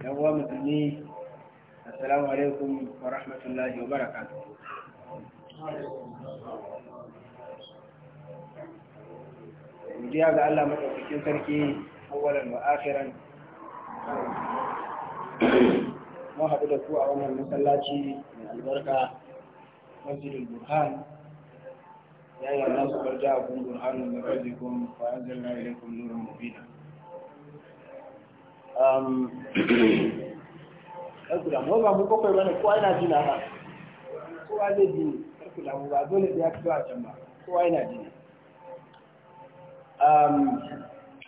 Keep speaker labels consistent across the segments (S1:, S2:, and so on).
S1: yan uwa musulmi assalamu alaikum wa rahmatullahi wa barakatu godiya ga Allah madaukakin sarki awwalan wa akhiran mun haɗu da ku a wannan masallaci mai albarka masjidul burhan ya yi Allah su barja a kun burhanun da rabbikum fa anzalna ilaykum nuran mubina Um, karku damu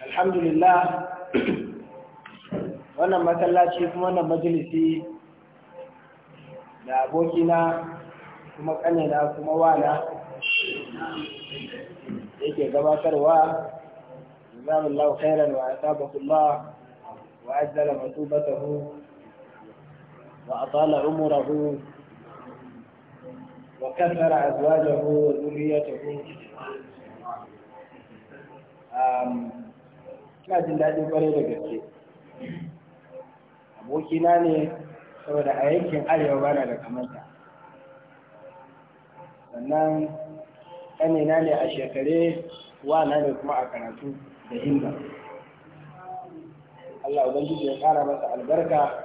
S1: alhamdulillah wannan masallaci kuma wannan majalisi da abokina kuma kanina kuma wana yake gabatarwa jazakallahu khairan wa asabakullah وعجل مثوبته وأطال عمره وكثر أزواجه وذريته ina jin daɗin kwarai da gaske abokina ne saboda a yankin arewa bana da kamanta sannan ɗanina ne a shekare na ne kuma a karatu da himba Allah ubangiji ya kara masa albarka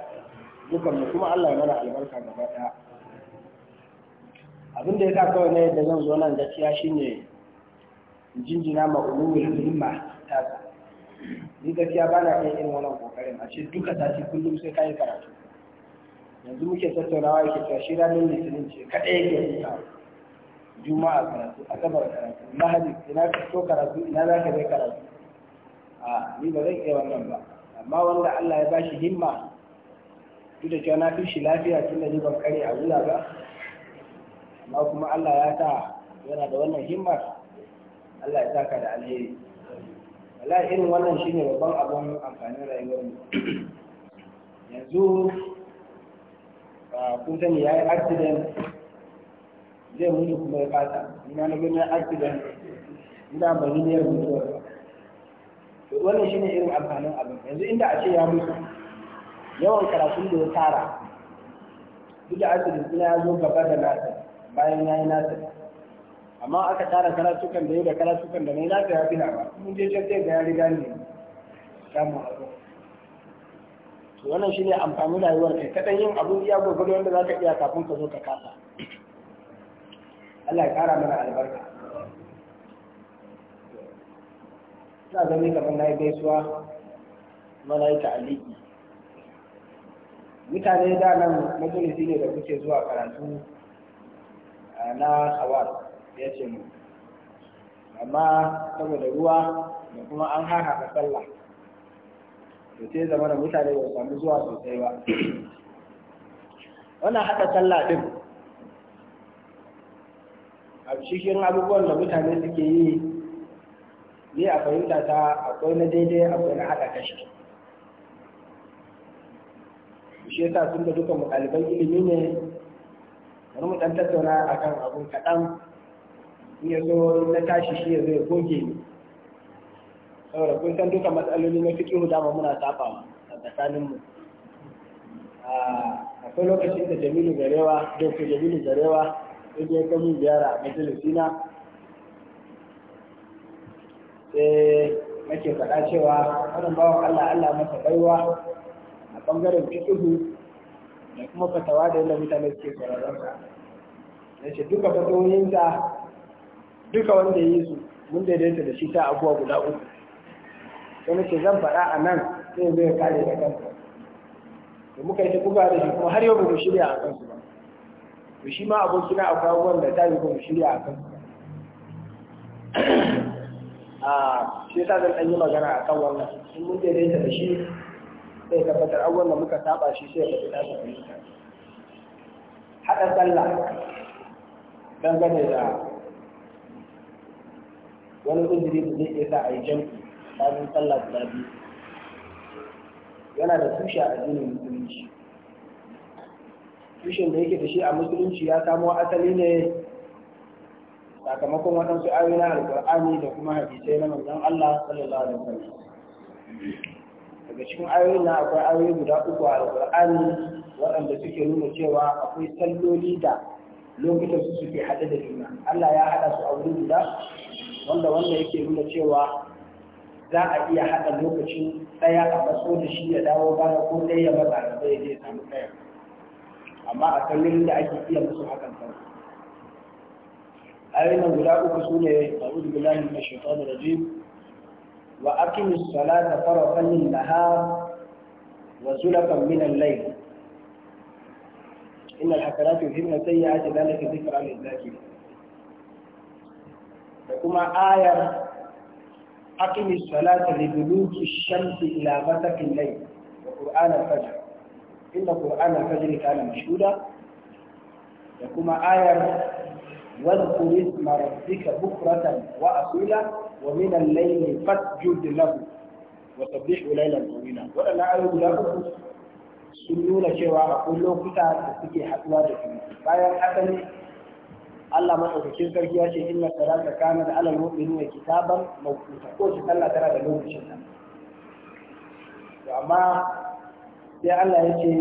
S1: dukan mu kuma Allah ya mana albarka gaba daya abin da ya sa kawai na yadda zan zo nan gaskiya shine jinjina ma umumin himma ta ni gaskiya ba na kai irin wannan kokarin a ce duka sati kullum sai kai karatu yanzu muke tattaunawa yake cewa shi ranar litinin ce kaɗai yake hutawa juma'a karatu asabar karatu lahadi ina ka so karatu ina za ka je karatu a ni ba zan iya wannan ba amma wanda Allah ya bashi himma duk da cewa na fi shi lafiya tun da ni ban kare a wuya ba amma kuma Allah ya sa yana da wannan himma Allah ya saka da alheri wallahi irin wannan shine babban abun amfanin rayuwar mu yanzu ah, kun sani ya yi accident zai mutu kuma ya fata ina na gani accident ina mai niyyar mutuwar wannan ne irin amfanin abin yanzu inda a ce ya mutu yawan karatun da ya tara duk da asibi suna ya zo gaba da nasa bayan ya yi nasa amma aka tara karatukan da yau da karatukan da na yi nasa ya fi ba mun je can sai ga ya riga ne samun abu to wannan shi amfani amfanin rayuwar kai kadan yin abun iya gwagwado wanda za ka iya kafin ka zo ka kasa Allah ya kara mana albarka na gani kamar na yi gaisuwa mana yi ta'aliki mutane da nan majalisi ne da kuke zuwa karatu na hawar ya ce mu amma saboda ruwa da kuma an harhaka sallah to sai zama da mutane ba samu zuwa sosai ba wannan haka sallah ɗin a cikin abubuwan da mutane suke yi ni a fahimta ta akwai na daidai akwai na haɗa kashi shi yasa sun da duka ɗaliban ilimi ne bari mu ɗan tattauna akan abun kaɗan in ya zo na tashi shi ya zo ya goge ni saboda kun san duka matsaloli na fiƙihu dama muna saba a tsakaninmu akwai lokacin da jamilu zarewa ku jamilu zarewa ya je kamun ziyara a majalisina sai nake faɗa cewa wannan bawa Allah Allah masa baiwa a ɓangaren fiƙihu da kuma fatawa da yadda mutane suke sauraron sa ya ce duka fatawoyinsa duka wanda ya yi su mun daidaita da shi ta abuwa guda uku sai nake zan faɗa a nan sai zai kare da kansa da muka yi ta buga da shi kuma har yau ba mu shirya a kansu ba to shi ma abokina akwai abubuwan da ta yi ba mu shirya a kansu a shi sa zan ɗan yi magana a kan wannan in mun daidaita da shi sai tabbatar abubuwan da muka saba shi sai ya tafi ta fahimta haɗa sallah dangane da wani ƙungiri da zai sa a yi jam'i tsakanin sallah guda biyu yana da tushe a jini musulunci tushen da yake da shi a musulunci ya samo asali ne sakamakon waɗansu ayoyi na alƙur'ani da kuma hadisai na manzon Allah sallallahu alaihi wasallam daga cikin ayoyin na akwai ayoyi guda uku a alƙur'ani waɗanda suke nuna cewa akwai salloli da lokutan su suke haɗe da juna Allah ya haɗa su a wuri guda wanda wanda yake nuna cewa za a iya haɗa lokacin ɗaya a matso da shi ya dawo baya ko ɗaya ya matsa da zai je samu ɗaya amma a kan da ake iya musu hakan أين غلاء كسولة إيه؟ أعوذ بالله من الشيطان الرجيم وأقم الصلاة طرفا للنهار وزلفا من الليل إن الحسنات يذهبن السيئات ذلك ذكرى للذاكرين وكما آية أقم الصلاة لدلوك الشمس إلى غسق الليل وقرآن الفجر إن قرآن الفجر كان مشهودا وكما آية واذكر اسم ربك بكرة وأصيلا ومن الليل فاسجد له وسبحه ليلا طويلا وأنا أعلم له sun nuna cewa akwai lokuta da suke haɗuwa da juna bayan asali, ne Allah madaukakin sarki ya ce inna salata kana da alal mu'minina kitaban mawquta ko shi Allah tana da lokacin ta amma sai Allah ya ce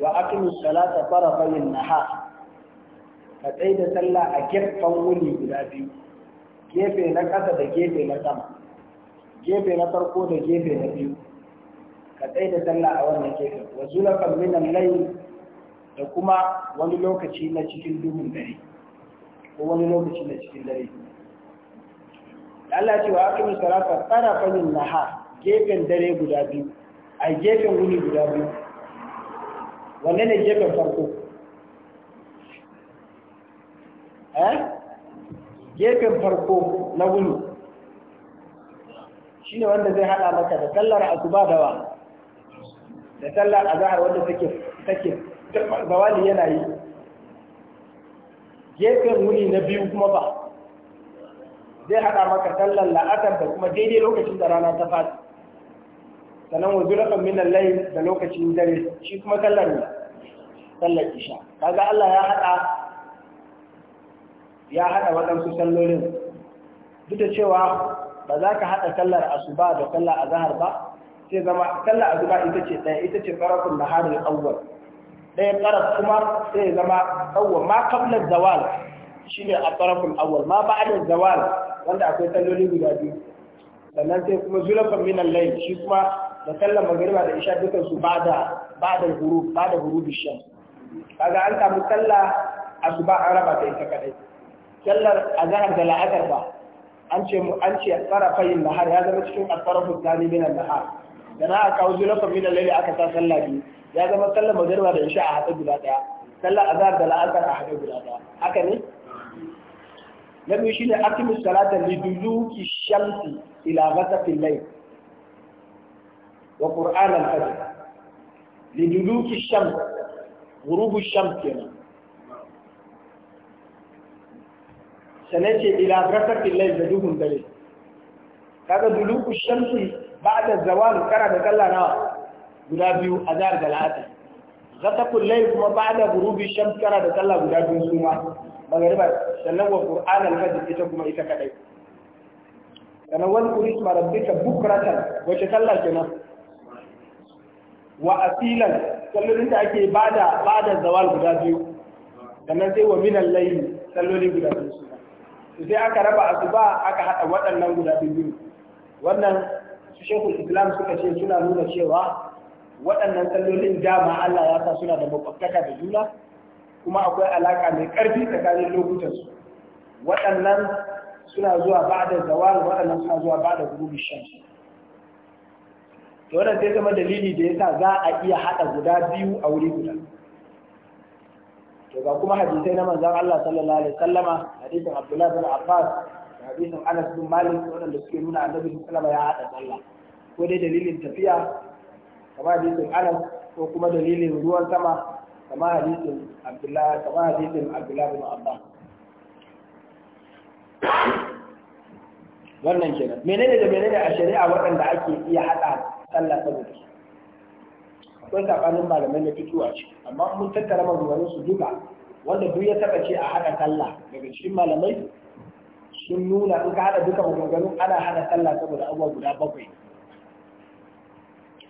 S1: wa aqimus fara farafayn nahar ka tsaye da sallah a gefen wuni guda biyu gefe na ƙasa da gefe na sama gefe na farko da gefe na biyu ka tsaye da sallah a wannan gefen wa zulafan min layi da kuma wani lokaci na cikin duhun dare ko wani lokaci na cikin dare Allah ce wa aqimus salata na ha gefen dare guda biyu a gefen wuni guda biyu wanne ne gefen farko Eh? gefen farko na wuni shi ne wanda zai haɗa maka da sallar asuba da wa da sallar azahar wanda take take zawali yana yi gefen wuni na biyu kuma ba zai haɗa maka sallar la'atar da kuma daidai lokacin da rana ta fata sannan wajen rafin minan layi da lokacin dare shi kuma sallar ne sallar isha kaga Allah ya haɗa ya haɗa waɗansu sallolin duk da cewa ba za ka haɗa sallar asuba da sallar azahar ba sai zama sallar asuba ita ce ɗaya ita ce farakun na harin awwal ɗaya farak kuma sai zama awwal ma kablar zawal shine a farakun awwal ma ba'da zawal wanda akwai sallolin guda biyu sannan sai kuma zulafan minan lai shi kuma da sallar magariba da isha dukansu ba bada bada guru bada guru kaga an samu sallah asuba an raba ta ita kadai sallar azhar da la'asar ba an ce an ce tsarafayin nahar ya zama cikin asfarafu tsani min nahar da na aka kawo zulafan min al aka sa sallah biyu ya zama sallar magariba da isha a haɗe guda ɗaya sallar azhar da la'asar a haɗe guda ɗaya haka ne na biyu shine aqimus salata liduluki shamsi ila ghasaqil layl wa qur'an al-fajr liduluki shams ghurubu shams kenan sannan ce ila rafatin lai da duhun dare kaga duluku ba da zawal kara da kalla na guda biyu a zahar da Zata ghasaqul layl kuma da ghurubi shan kara da kalla guda biyu suma magariba sannan wa qur'an al-fajr ita kuma ita kadai kana wal quris marabbika bukratan wace kalla kenan wa asilan sallolin da ake bada bada zawal guda biyu sannan sai wa al layl salloli guda biyu sai aka raba asuba aka haɗa waɗannan guda biyu wannan su shekul islam suka ce suna nuna cewa waɗannan tsallolin dama Allah ya sa suna da makwabtaka da juna kuma akwai alaƙa mai ƙarfi tsakanin lokutansu waɗannan suna zuwa ba da zawal waɗannan suna zuwa ba da gurubi shamsu to wannan ya zama dalili da yasa za a iya haɗa guda biyu a wuri guda to ga kuma hadisai na manzon Allah sallallahu alaihi wasallama hadisin Abdullah bin Abbas da hadisin Anas bin Malik wanda suke nuna annabi sallallahu alaihi ya hada sallah ko dai dalilin tafiya kamar hadisin Anas ko kuma dalilin ruwan sama kamar hadisin Abdullah kamar hadisin Abdullah bin Abbas wannan kenan menene da menene a shari'a waɗanda ake iya hada sallah saboda akwai kafanin malamai na fitowa ce amma mun tattara maganganun su duka wanda duk ya taba ce a haɗa sallah daga cikin malamai sun nuna in ka haɗa duka maganganu ana haɗa sallah saboda abubuwa guda bakwai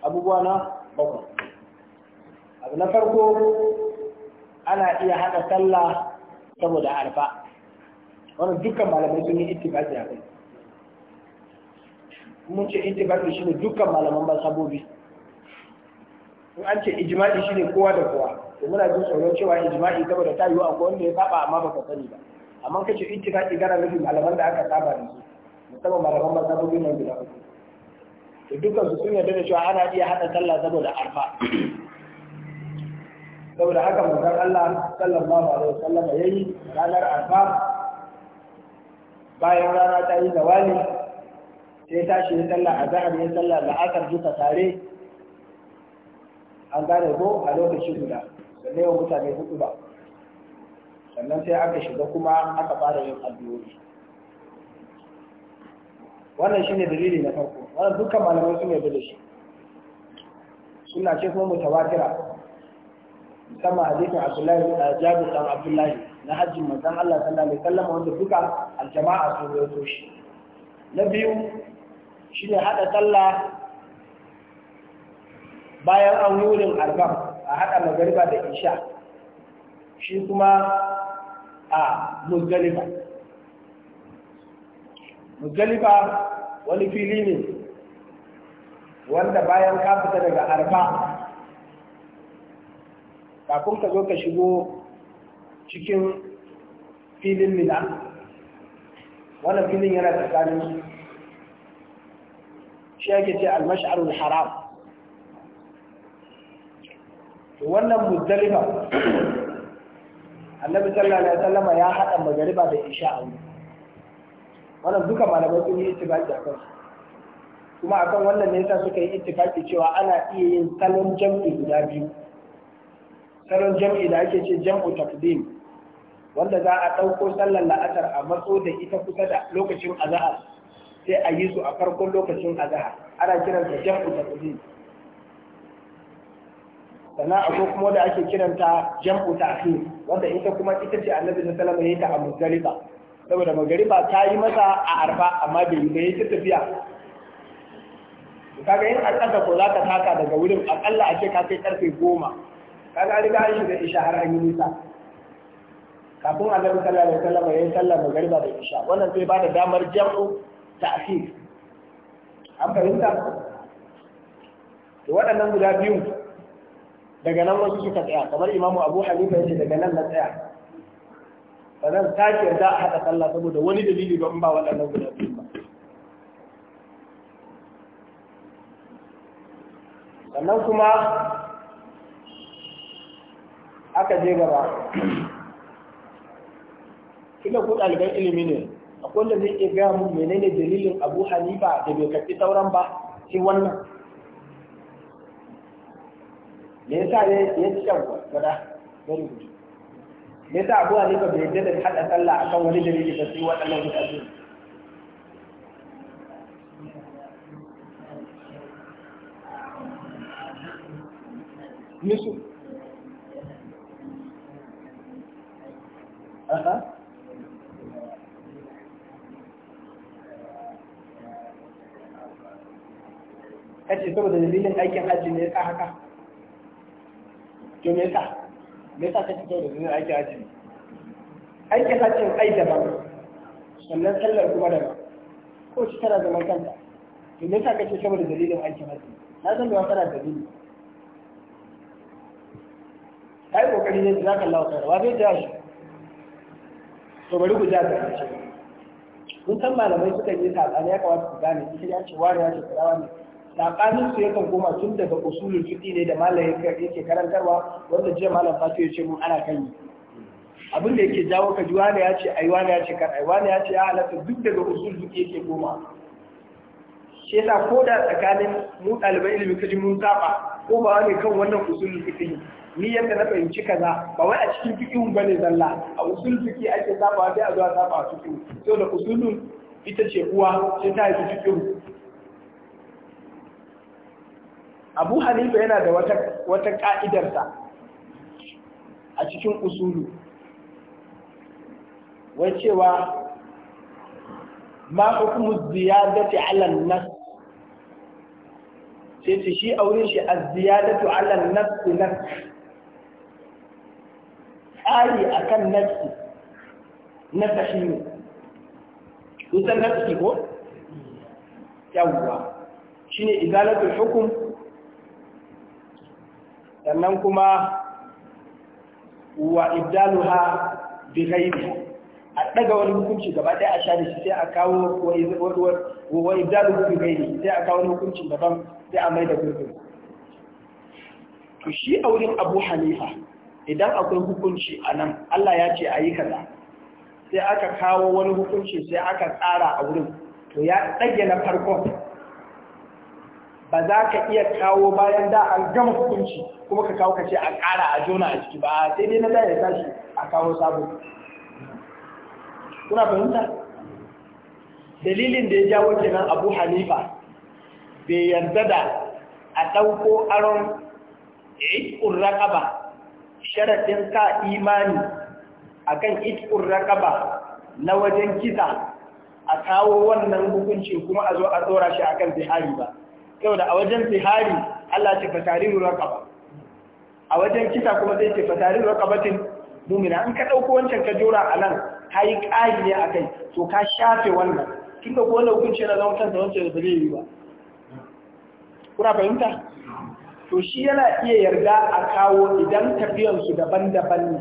S1: abubuwa na bakwai abu na farko ana iya haɗa sallah saboda alfa wannan dukkan malamai sun yi ittifaqi a kai mun ce ittifaqi ne dukkan malaman sabobi. in an ce ijma'i shine kowa da kowa to muna jin tsoron cewa ijma'i saboda ta yiwu akwai wanda ya saba amma baka sani ba amma ce kace ki gara nufin malaman da aka saba da su musamman malaman mazhabobin nan guda uku to dukkan su sun yarda da cewa ana iya hada sallah saboda arfa saboda haka manzon Allah sallallahu alaihi wasallam yayi ranar arfa bayan rana ta yi zawali sai tashi ya sallah azhar ya sallah la'asar duka tare an gane ko a lokaci guda ne yau mutane hudu ba sannan sai aka shiga kuma aka fara yin addu'o'i wannan shine dalili na farko wannan dukkan malamai sun yarda da shi suna ce kuma mutawatira musamman hadisin Abdullahi da eh, Jabir dan Abdullahi na hajjin manzon Allah sallallahu alaihi wasallam wanda duka aljama'a sun rawaito shi na biyu shine hada sallah bayan an yi wurin a haɗa magariba da isha shi kuma a muzdalifa muzdalifa wani fili ne wanda bayan ka fita daga arba kafin ka zo ka shigo cikin filin mina wannan filin yana tsakanin shi ake ce almash'arul haram wannan muzdalifa annabi sallallahu alaihi wasallama ya hada magariba da isha a wuri wannan duka malamai sun yi ittifaqi akan su kuma akan wannan ne yasa suka yi ittifaqi cewa ana iya yin salon jam'i guda biyu salon jam'i da ake ce jam'u taqdim wanda za a ɗauko sallar la'asar a matso da ita kusa da lokacin azhar sai a yi su a farkon lokacin azhar ana kiransa jam'u taqdim sannan akwai kuma da ake kiranta jam'u ta'khir wanda ita kuma ita ce annabi sallallahu alaihi wasallam yayi ta a muzdalifa saboda magariba ta yi masa a arfa amma bai yi bai ta tafiya kaga yin akalla ko za ka taka daga wurin akalla a ce ka kai karfe goma kaga riga an shiga isha har an yi nisa kafin annabi sallallahu alaihi wasallam yi sallar magariba da isha wannan zai bada damar jam'u ta'khir an fahimta to waɗannan guda biyu daga nan wasu suka tsaya kamar imamu abu hanifa yace daga nan na tsaya ba zan sake yarda a haɗa sallah saboda wani dalili ba in ba waɗannan guda biyu ba sannan kuma aka je gaba kila ku ɗaliban ilimi ne akwai wanda zai iya gaya mu menene dalilin abu hanifa da bai karɓi sauran ba sai wannan me yasa ne ya ci kan gwada gari gudu me yasa abu a nika bai da haɗa sallah akan wani dalili ba sai waɗannan guda biyu nusu aha kace saboda dalilin aikin hajji ne ya sa haka to me yasa me yasa ka fito da zuwa aiki haji aikin hajjin ai daban sannan sallar kuma da ko shi tana zaman kanta to me yasa ka ce saboda dalilin aikin haji na san da wata dalili kai kokari ne da zaka lawa kai wa zai ja shi to bari ku ja ka ce Mun san malamai suka yi sabani ya kamata ku gane ita ya ce wani ya ce kurawa ne kanin su yakan koma tun daga usulul fiqh ne da malam yake karantarwa wanda jiya malam fatu ya ce mun ana kan yi abin da yake jawo ka ji wani ya ce ai wani ya ce kar ai wani ya ce ya halatta duk daga usul fiqh yake koma shi yasa ko da tsakanin mu ɗaliban ilimi kaji mun saba ko ba wani kan wannan usul fiqi ni yadda na fahimci kaza ba wai a cikin fiqihun bane zalla a usul fiqh ake saba sai a zuwa saba a to da usulun ita ce uwa sai ta yi cikin abu hanifa yana da wata ka'idarsa a cikin usulu wai cewa ma hukumu ziyadati ala nas sai ce shi auren shi a ziyadatu ala nas nas tsari akan nafsi na tashi ne kusan nafsi ko yawwa shine izalatul hukum sannan kuma wa ibdaluha bi ghaibi a daga wani hukunci gaba ɗaya a share shi sai a kawo wa ibdaluhu bi ghaibi sai a kawo wani daban sai a mai da gurbin to shi a wurin Abu Hanifa idan akwai hukunci a nan Allah ya ce a yi kaza sai aka kawo wani hukunci sai aka tsara a wurin to ya ɗage na farkon ba za ka iya kawo bayan da an gama hukunci kuma ka kawo kace a ƙara a jona a ciki ba sai dai na da ya tashi a kawo sabo kuna fahimta dalilin da ya jawo kenan Abu Hanifa bai yarda da a ɗauko aron ikur raƙaba sharaɗin ka imani akan ikur rakaba na wajen kisa a kawo wannan hukunci kuma a zo a tsora shi akan zihari ba saboda a wajen tihari Allah ce fatarihu ba, a wajen kisa kuma zai ce fatarihu tin mu'mina an ka dauko wancan ka jora a nan kai kai ne akai to ka shafe wannan kin ko wannan hukunci na zaman kansa wancan da zai yi ba kuna fahimta to shi yana iya yarda a kawo idan tafiyan su daban-daban ne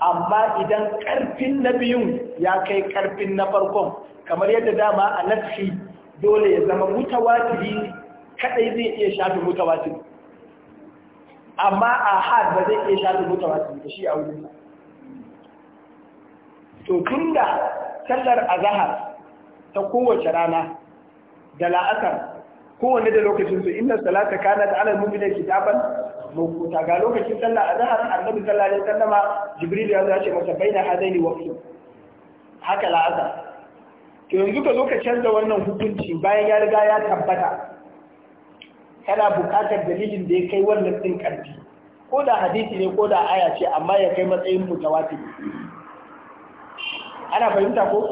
S1: amma idan karfin na biyun ya kai karfin na farkon kamar yadda dama a nafi dole ya zama mutawatiri kadai zai iya shafi mutawatir amma a had ba zai iya shafi mutawatir da shi a wurin to to da sallar azhar ta kowace rana da la'asar kowanne da lokacin su inna salata kanat ala mu'minina kitaban ta, ga lokacin sallar azhar annabi sallallahu alaihi wasallam jibril ya zace masa baina hadaini waqtu haka la'asar to yanzu ka zo ka canza wannan hukunci bayan ya riga ya tabbata kana buƙatar dalilin da ya kai wannan ɗin ƙarfi ko da hadisi ne ko da aya ce amma ya kai matsayin mutawatir ana fahimta ko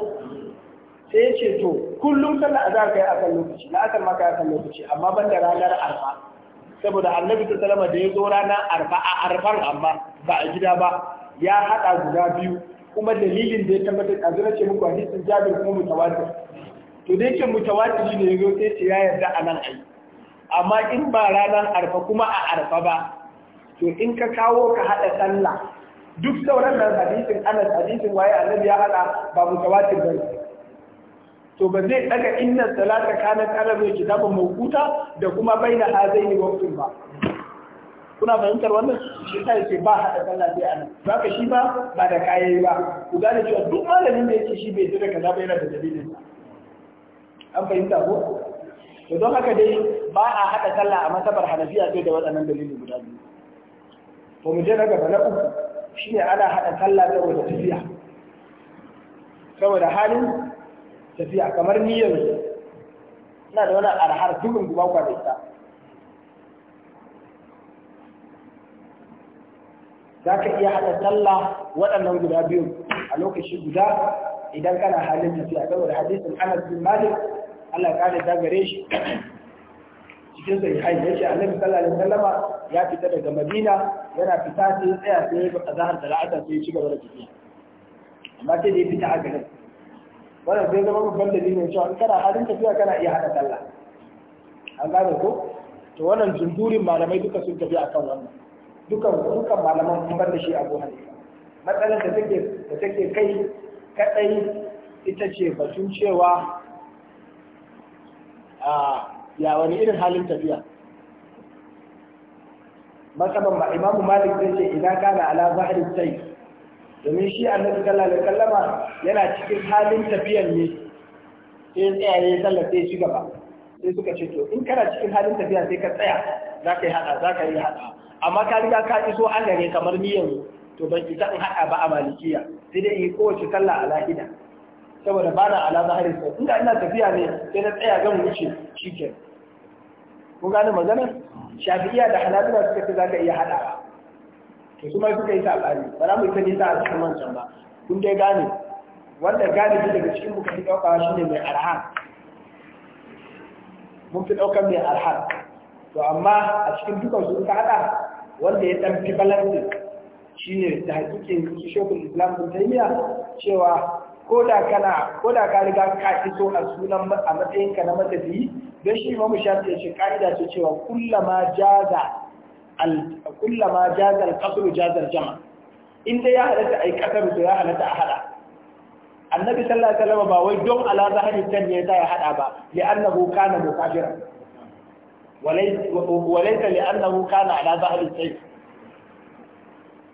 S1: sai ya ce to kullum sallar azhar kai kan lokaci na asar ma kai kan lokaci amma ban da ranar arfa saboda annabi ta salama da ya zo ranar arfa a arfan amma ba a gida ba ya haɗa guda biyu kuma dalilin da ya tabbatar a zira ce muku hadisin jabir kuma mutawatir to da yake mutawatir ne ya zo sai ya yarda a nan ai amma in ba ranar arfa kuma a arfa ba to in ka kawo ka haɗa sallah duk sauran nan hadisin anas hadisin waye annabi ya haɗa ba mutawatir ba, to ba zai daga inna salata kana talabi kitabun mawquta da kuma baina hazaini waqtin ba kuna fahimtar wannan shi sai ce ba haɗa sallah sai anan zaka shi ba ba da kayayi ba ku gane cewa duk malamin da yake shi bai jira kaza ba yana da dalilin an fahimta ko to don haka dai ba a haɗa sallah a masabar hanafiya sai da waɗannan dalilin guda biyu to mu je na gaba na uku shine ana haɗa sallah saboda tafiya saboda halin tafiya kamar niyyar ina da wani arhar dukkan guba kwa da ita za ka iya haɗa sallah waɗannan guda biyu a lokaci guda idan kana halin tafiya saboda hadisin Anas bin Malik Allah ya kare ta gare shi cikin sahihain yace Allah sallallahu alaihi wasallama ya fita daga Madina yana fita sai tsaya sai ya ga har da la'ata sai ya ci gaba da tafiya amma sai dai ya fita a gare wannan sai zama babban dalilin cewa in kana halin tafiya kana iya haɗa sallah an gane ko to wannan jundurin malamai duka sun tafi akan wannan dukan dukan malaman sun bar da shi Abu Hanifa matsalar da take da take kai kadai ita ce batun cewa ya wani irin halin tafiya matsaban ba imamu malik zai ce idan kana ala zahari sai domin shi annabi sallallahu alaihi wasallama yana cikin halin tafiyar ne sai ne sallar sai shi gaba sai suka ce to in kana cikin halin tafiya sai ka tsaya za ka yi hada za ka yi hada amma ka riga ka iso an gare kamar ni yanzu to ban isa in hada ba a malikiya sai dai yi kowace sallah a lahida saboda ba na ala zahari sai inda ina tafiya ne sai na tsaya zan wuce shike ko gane magana shafi'iya da hanabila suka ce zaka iya hadawa to su suka yi sabani ba za mu yi ta nisa a cikin mancan ba kun dai gane wanda galibi daga cikin muka fi ɗaukawa shine mai arha mun fi ɗaukar mai arha to amma a cikin dukkan su suka hada wanda ya dan fi balance shi ne da hakikin shi shekul islam bin taimiya cewa ko da kana ko da ka riga ka iso a sunan a matsayinka na matafiyi don shi ma mu shafi ya ce ka'ida ce cewa kullama jaza al kullama jaza al qasru jaza al jama in dai ya halatta ai kasar to ya halatta a hada annabi sallallahu alaihi wasallam ba wai don ala zahiri kan ne ya hada ba li annahu kana mukafiran walaysa li annahu kana ala zahiri sai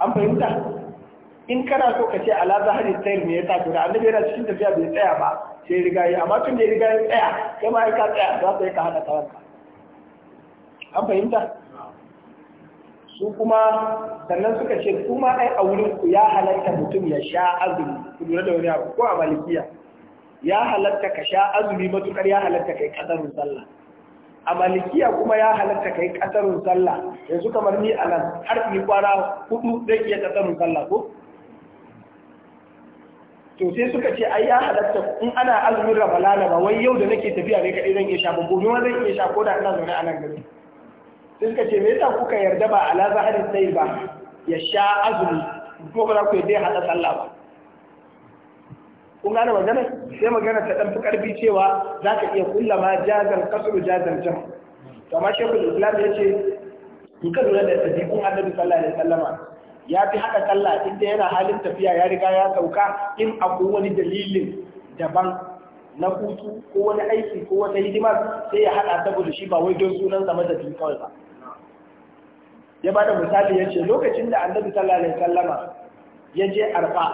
S1: an fahimta in kana so ka ce ala zahari tsayar me ya to da annabi yana cikin tafiya bai tsaya ba sai riga yi amma tun da riga ya tsaya kai ma ka tsaya za ka yi ka hada karanka an fahimta su kuma sannan suka ce kuma ai a wurin ku ya halatta mutum ya sha azumi ku lura da wani abu ko a malikiya ya halatta ka sha azumi matukar ya halatta kai kasarun sallah a malikiya kuma ya halatta kai kasarun sallah yanzu kamar ni a nan har ni kwana hudu zai iya kasarun sallah ko to sai suka ce ai ya halatta in ana azumin ramalana ba wai yau da nake tafiya ne kaɗai zan iya sha ba gobe ma zan iya sha ko da ina zaune a nan gari sai suka ce me yasa kuka yarda ba ala zaharin sai ba ya sha azumi kuma ba za ku yarda ya haɗa sallah ba kun gane magana sai magana ta ɗan fi ƙarfi cewa za ka iya kulla ma jazan kasuru jazan jam to amma shekul islam ya ce in ka lura da tafi kun annabi sallallahu alaihi wasallama ya fi haɗa sallah inda yana halin tafiya ya riga ya sauka in akwai wani dalilin daban na hutu ko wani aiki ko wata hidimar sai ya haɗa saboda shi ba wai don sunan sa kawai ba ya ba da misali ya ce lokacin da annabi sallallahu alaihi sallama ya je arfa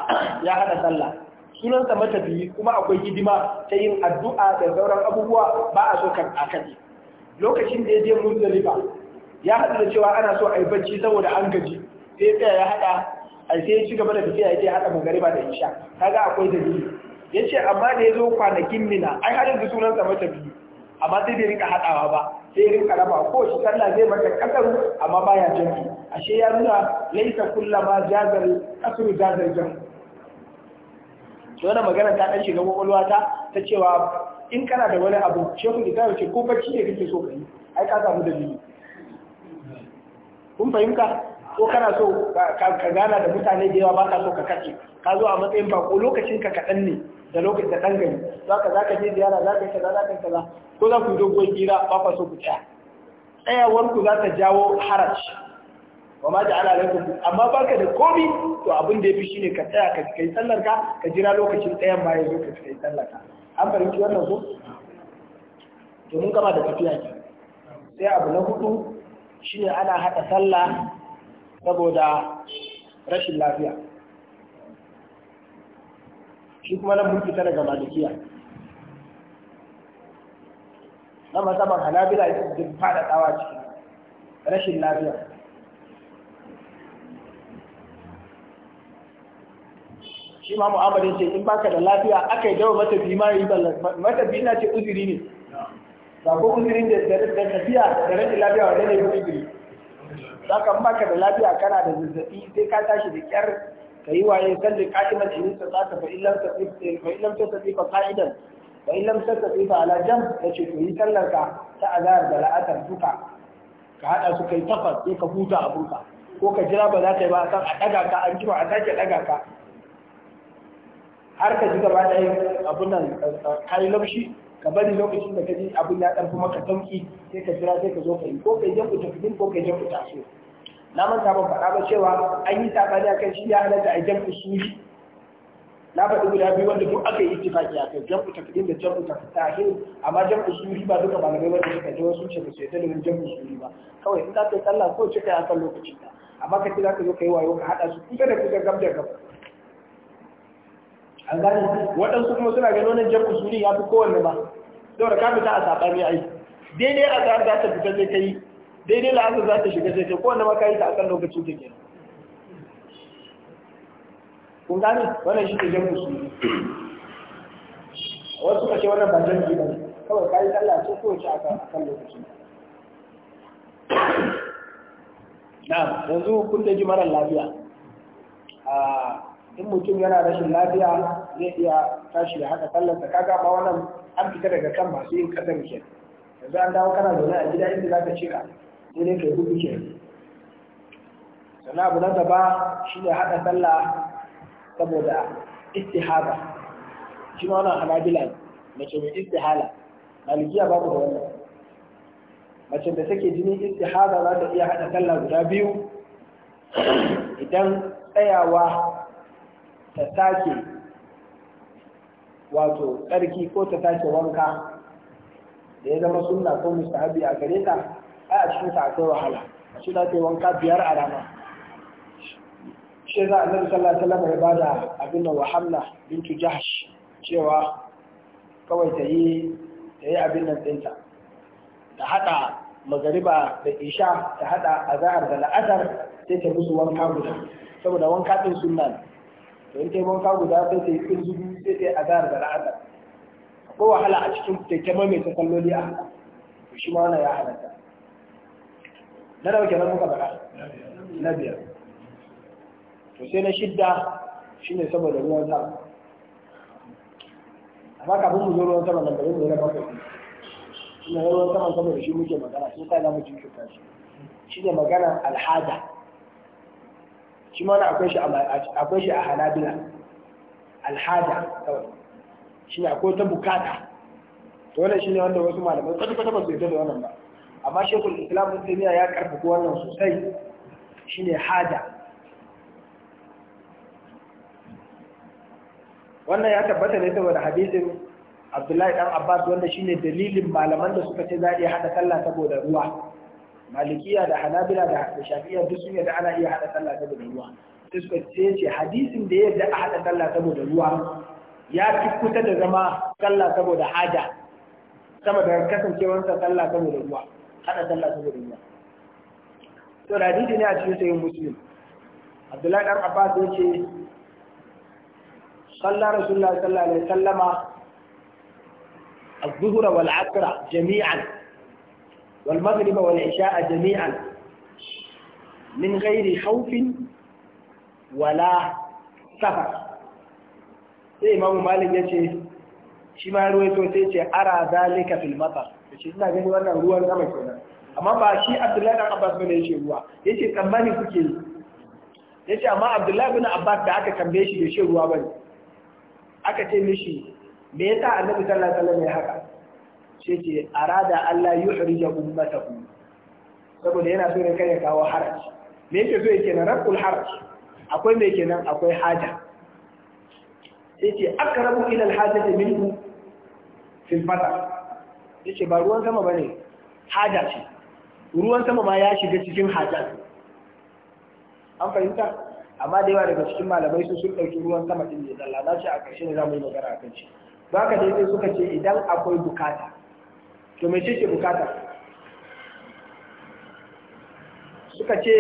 S1: ya haɗa sallah sunan sa kuma akwai hidima ta yin addu'a da sauran abubuwa ba a so a kaɗi. lokacin da ya je muzdalifa ya haɗu da cewa ana so a yi bacci saboda an gaji sai tsaya ya haɗa a sai ya ci gaba da tafiya ya haɗa haɗa magariba da isha kaga akwai dalili ya ce amma da ya zo kwanakin mina ai har yanzu sunan sa mata biyu amma sai bai rika haɗawa ba sai ya rika raba ko shi sallah zai mata kasar amma baya jami'i ashe ya nuna laisa kullama jazar kasru jazar wannan magana ta dan shiga kwakwalwa ta ta cewa in kana da wani abu shehu da ce ko bacci ne kake so yi. ai ka samu dalili kun fahimta ko kana so ka gana da mutane da yawa ba ka so ka kace ka zo a matsayin ko lokacin ka kaɗan ne da lokacin da ɗan gari za ka za ka je ziyara za ka yi kaza za ka yi kaza ko za ku dogon kira ba ka so ku tsaya tsayawar ku za ta jawo haraj wa ma ja'ala lakum amma baka da komi to abin da yafi shine ka tsaya ka kai sallar ka ka jira lokacin tsayan ma yazo ka kai sallar ka an fahimci wannan ko to mun kama da tafiya ke sai abu na hudu shine ana hada sallah saboda rashin lafiya shi kuma na burki fita daga malikiya na musamman halabila ya fi fada tsawa ciki rashin lafiya shi ma mu'amalin ce in baka da lafiya aka yi dawo matafi ma yi matafi na ce uziri ne ba ko uzirin da tafiya da rashin lafiya wanda ne uziri zaka in baka da lafiya kana da zazzabi sai ka tashi da kyar ka yi waye salli qa'iman in sata fa illam tasif fa illam ta fa qa'idan fa illam tasif fa ala jam ce to yi sallar ka ta azar da la'atar duka ka hada su kai tafas sai ka huta a burka ko ka jira ba za ka yi ba san a daga ka an jima a sake daga ka har ka ji gaba ɗaya abun nan kai laushi ka bari lokacin da ka ji abin ya ɗan kuma ka sauki sai ka jira sai ka zo ka yi ko ka yi jan ko ka yi jan so na manta ban faɗa ba cewa an yi saɓani kan shi ya halatta a jan usuli na faɗi guda biyu wanda duk aka yi ittifaki a kai jam'u takdim da jam'u yi. amma jan usuli ba duka malamai wanda suka je wasu ce ba su yadda da jan suri ba kawai in za ka yi sallah ko cika a kan lokacin ta amma ka ce za ka zo ka yi wayo ka haɗa su kusa da kusa gab da gab an gane waɗansu kuma suna ganin wannan jan usuli ya fi kowanne ba saboda ka fita a saɓani ai daidai a za ta fita sai ka yi daidai la'asar za ta shiga sai kowane makayi ta akan lokacin ta kenan kun gani wannan shi ke jan musu wasu ka ce wannan ba jami'i ba kawai kayi Allah ce ko ce akan akan lokacin na yanzu kun ta ji mara lafiya in mutum yana rashin lafiya zai iya tashi da haka sallarsa kaga ma wannan an fita daga kan masu yin kasar ke yanzu an dawo kana zaune a gida inda za ka cira sai dai kai gudu ke sannan abu na gaba shi ne haɗa sallah saboda istihaba shi ma wannan hanabila mace mai istihala malikiya babu da wannan mace da take jinin istihada za ta iya haɗa sallah guda biyu idan tsayawa ta sake wato tsarki ko ta sake wanka da ya zama sunna ko mustahabi a gare ta ai a cikin ta akwai wahala shi da ta wanka biyar a rana shi za a nan sallah sallama ya da abin da wahala bin jahash cewa kawai ta yi ta yi abin nan ɗinta ta haɗa magariba da isha ta haɗa za'ar da la'asar sai ta musu wanka guda saboda wanka ɗin sunna ne to in ta yi wanka guda sai ta yi ɗin zubi sai ta yi a za'ar da la'asar akwai wahala a cikin ta kyamar mai ta salloli a haka shi ma wannan ya halatta na dauke na muka baka na biyar to sai na shidda shine saboda ruwan sama amma kafin mu zo ruwan sama nan bari mu zo na bakwai ina ruwan sama saboda shi muke magana sun sa za mutum jinkirta shi shi ne maganar alhada shi ma akwai shi a hanabila alhada kawai shi ne akwai ta bukata to wannan shi ne wanda wasu malamai kwata-kwata ba su yi da wannan ba amma shekul islam musulmiya ya karfafa wannan sosai shine haja wannan ya tabbata ne saboda hadisin Abdullahi dan Abbas wanda shine dalilin malaman da suka ce za a iya hada sallah saboda ruwa malikiya da hanabila da shafiya duk sun yadda ana iya hada sallah saboda ruwa sai suka ce hadisin da yadda a hada sallah saboda ruwa ya fi kuta da zama sallah saboda haja sama da kasancewarsa sallah saboda ruwa hada sallah saboda ruwa to da hadisi ne a cikin sayin muslim abdullahi dan abbas ya ce sallar rasulullah sallallahu alaihi wasallama الظهر والعصر جميعا والمغرب والعشاء جميعا من غير خوف ولا سفر sai imamu malik shi ma to sai ce ara zalika fil matar shi ina gani wannan ruwan sama kenan amma ba shi Abdullahi dan Abbas bane yace ruwa yace tsammani kuke yi yace amma Abdullahi bin Abbas da aka tambaye shi shi ruwa bane aka ce mishi me yasa Annabi sallallahu alaihi wasallam ya haka sai ce arada Allah yuhrija ummatahu saboda yana so ne kai ya kawo haraji me yake so yake na rabul haraji akwai me kenan akwai haja sai ce akrabu ila al hajati minhu filfata ce ba ruwan sama ba ne, haja ce ruwan sama ma ya shiga cikin haja an fahimta amma da yawa daga cikin malamai su sun ɗauki ruwan sama ɗin ne zalla za a ƙarshe ne za mu yi magana a kan shi ba ka daidai suka ce idan akwai bukata to mai ce bukata suka ce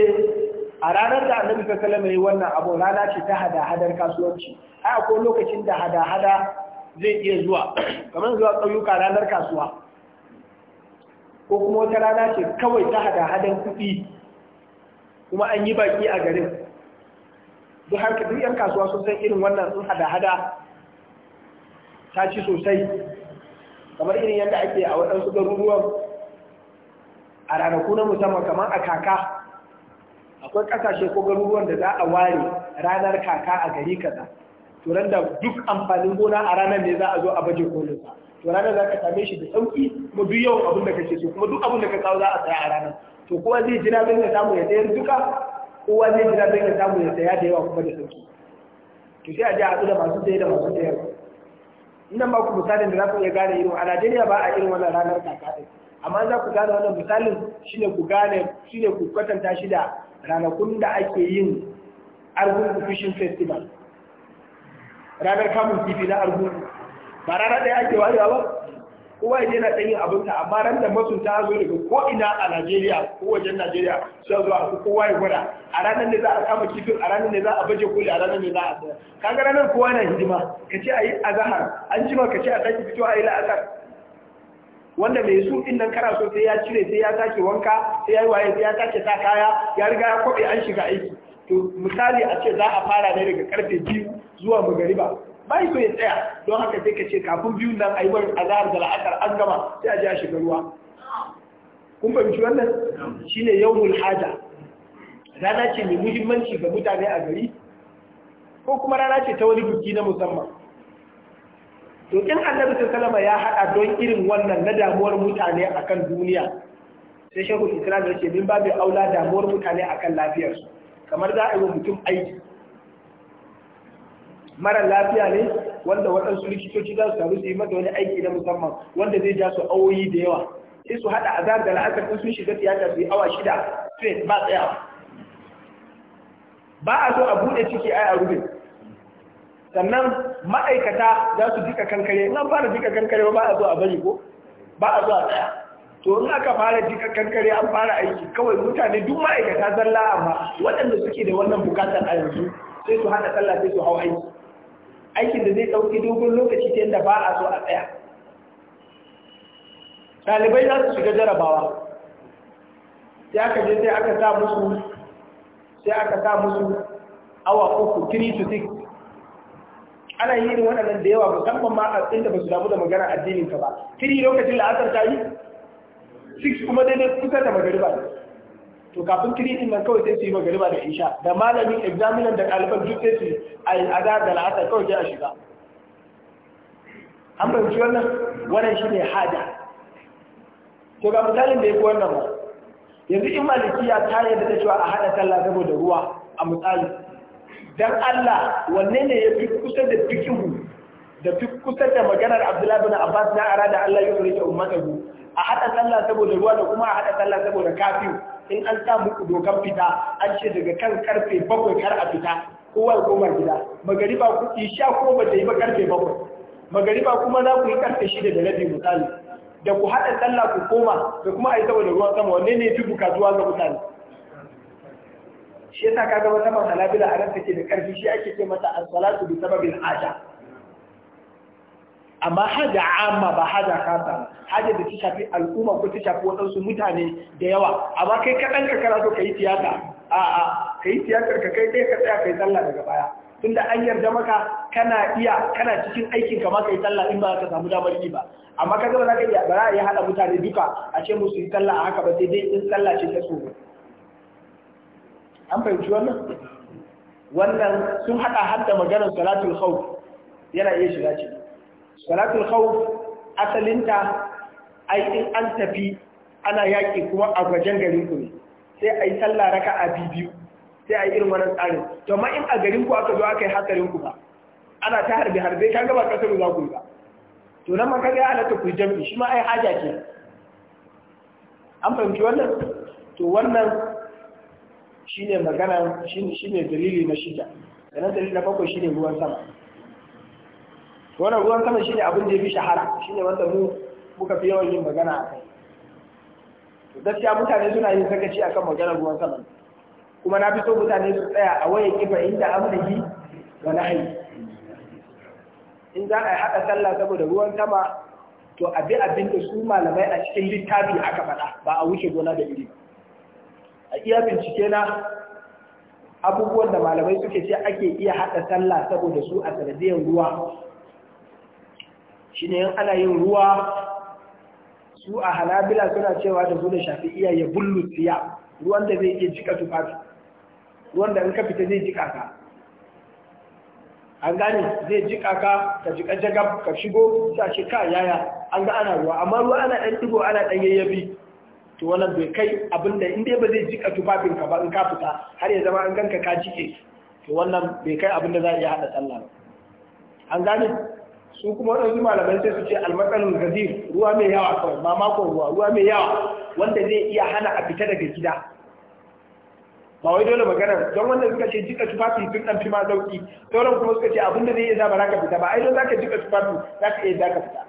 S1: a ranar da annabi sallallahu alaihi wannan abu rana ce ta hada-hadar kasuwanci ai akwai lokacin da hada-hada zai iya zuwa kamar zuwa ƙauyuka ranar kasuwa ko kuma wata rana ce kawai ta hada-hadan kuɗi kuma an yi baki a garin duk harka duk 'yan kasuwa sun san irin wannan sun hada-hada ta ci sosai kamar irin yadda ake a waɗansu garuruwan a ranaku na musamman kamar a kaka akwai ƙasashe ko garuruwan da za a ware ranar kaka a gari kaza. to ran da duk amfanin gona a ranar ne za a zo a baje kolin sa to ranar za ka same shi da sauki kuma duk yawan abin da kake so kuma duk abin da ka kawo za a saya a ranar to kowa zai jira bai ya samu ya sayar duka kowa zai jira bai ya samu ya saya da yawa kuma da sauki to sai a je a haɗu da masu tsaye da masu sayar nan ba ku misalin da za ku iya gane irin a Najeriya ba a irin wannan ranar kaka amma za ku gane wannan misalin shine ku gane shine ku kwatanta shi da ranakun da ake yin argungu fishing festival ranar kamun kifi na argungu ba ranar ɗaya ake warewa ba kowa yake na ɗanyin abinta amma ran da masu ta zo daga ko'ina a najeriya ko wajen najeriya suna a su kowa ya gwada a ranar da za a kama kifin a ranar da za a baje koli a ranar da za a tsaya kaga ranar kowa na hidima ka ce a yi azahar an jima ka ce a sake fito a yi la'asar wanda mai su in nan kara so sai ya cire sai ya sake wanka sai ya yi waye sai ya sake sa kaya ya riga ya kwaɓe an shiga aiki to misali a ce za a fara ne daga karfe biyu zuwa magariba bai so ya tsaya don haka sai ka ce kafin biyun nan a yi wani azahar da la'akar an gama sai a ji a shiga ruwa kun fahimci wannan Shi ne yau mulhaja rana ce mai muhimmanci ga mutane a gari ko kuma rana ce ta wani buki na musamman to in annabi salama ya haɗa don irin wannan na damuwar mutane akan duniya sai shehu islam ya ce min babu aula damuwar mutane akan lafiyarsu kamar za a yi wa mutum aiki mara lafiya ne wanda waɗansu likitoci za su samu su yi mata wani aiki na musamman wanda zai ja su awoyi da yawa sai su haɗa a da la'akar kun sun shiga tiyata su yi awa shida sai ba tsaya ba a so a buɗe ciki ai a rube sannan ma'aikata za su jika kankare in fara jika kankare ba a so a bari ko ba a so a tsaya to in aka fara jika kankare an fara aiki kawai mutane duk ma'aikata zalla amma waɗanda suke da wannan bukatar a yanzu sai su hana sallah sai su hau aiki aikin da zai ɗauki dogon lokaci ta yadda ba a so a tsaya ɗalibai za su shiga jarabawa sai aka je sai aka sa musu sai aka sa musu awa uku kiri to 6 ana yi irin waɗannan da yawa musamman ma a tsinda ba su damu da magana addinin ka ba Kiri lokacin la'asar ta yi 6 kuma daidai kusa da magariba ne to kafin kiri din nan kawai sai su yi magariba da isha da malamin examiner da ɗaliban duk sai su yi a yi da la'asar kawai sai a shiga an fahimci wannan wannan shi ne hada to ga misalin da ya fi wannan ba yanzu in malikiya ta yadda ta cewa a hada sallah saboda ruwa a misali dan Allah wanne ne ya fi kusa da fikihu da fi kusa da maganar Abdullahi bin Abbas na arada Allah ya rike ummatahu a haɗa sallah saboda ruwa da kuma a haɗa sallah saboda kafin in an sa muku dokan fita an ce daga kan karfe bakwai kar a fita kowa ya koma gida magariba ku isha ko ba ta yi ba karfe bakwai magariba kuma za ku yi karfe shida da rabi misali da ku haɗa sallah ku koma da kuma a yi saboda ruwan sama wanne ne fi bukatuwa ga mutane shi yasa kaga wata masalabila a ranta ke da karfi shi ake ce mata as-salatu bi sababil haja amma haja amma ba haja kasa haja da ta shafi al'umma ko ta shafi waɗansu mutane da yawa amma kai kaɗan ka karatu ka yi tiyata a a ka yi tiyatar ka kai kai ka tsaya ka yi sallah daga baya tunda an yarda maka kana iya kana cikin aikin ka ma ka yi sallah in ba ka samu damar yi ba amma ka zama za ka iya ba za a haɗa mutane duka a ce musu yi sallah a haka ba sai dai in sallah ce ta tsoro an fahimci wannan wannan sun haɗa hadda maganar salatul khawf yana iya shiga cikin salatul khawf asalinta ai in an tafi ana yaki kuma a gajen garin ku ne sai ai sallah raka a biyu sai ai irin wannan tsarin to amma in a garin ku aka zo aka yi hatsarin ku ba ana ta harbe harbe ka gaba kasar za ku yi ba to nan man kaga ya halatta ku jam'i? shi ma ai haja ke an fahimci wannan to wannan shine magana shine shine dalili na shida sannan dalili na bakwai shine ruwan sama wannan ruwan sama shine abin da ya fi shahara shine wanda mu muka fi yawan yin magana a kai to gaskiya mutane suna yin sakaci akan maganar ruwan sama kuma na fi so mutane su tsaya a waye kifa inda amrihi wa nahyi in za a haɗa sallah saboda ruwan sama to bi abin da su malamai a cikin littafi aka faɗa ba a wuce gona da iri a iya bincike na abubuwan da malamai suke ce ake iya haɗa sallah saboda su a sanadiyar ruwa shine yan ana yin ruwa su a halabila suna cewa da su da shafi iya ya bullu siya. ruwan da zai iya jika tufafi ruwan da in ka fita zai jika ka an gane zai jika ka ka jika jagab ka shigo sa ce ka yaya an ga ana ruwa amma ruwa ana ɗan ɗigo ana ɗan yayyabi to wannan bai kai abin da inda ba zai jika tufafin ka ba in ka fita har ya zama an ganka ka jike to wannan bai kai abin da za a iya haɗa sallah an gane su kuma waɗansu malamai sai su ce almatsalin gazir ruwa mai yawa kawai ba mako ruwa ruwa mai yawa wanda zai iya hana a fita daga gida ba wai dole magana don wanda suka ce jika tufafi sun dan fi ma dauki sauran kuma suka ce abinda zai iya zaba za ka fita ba ai don za ka jika tufafi za ka iya za ka fita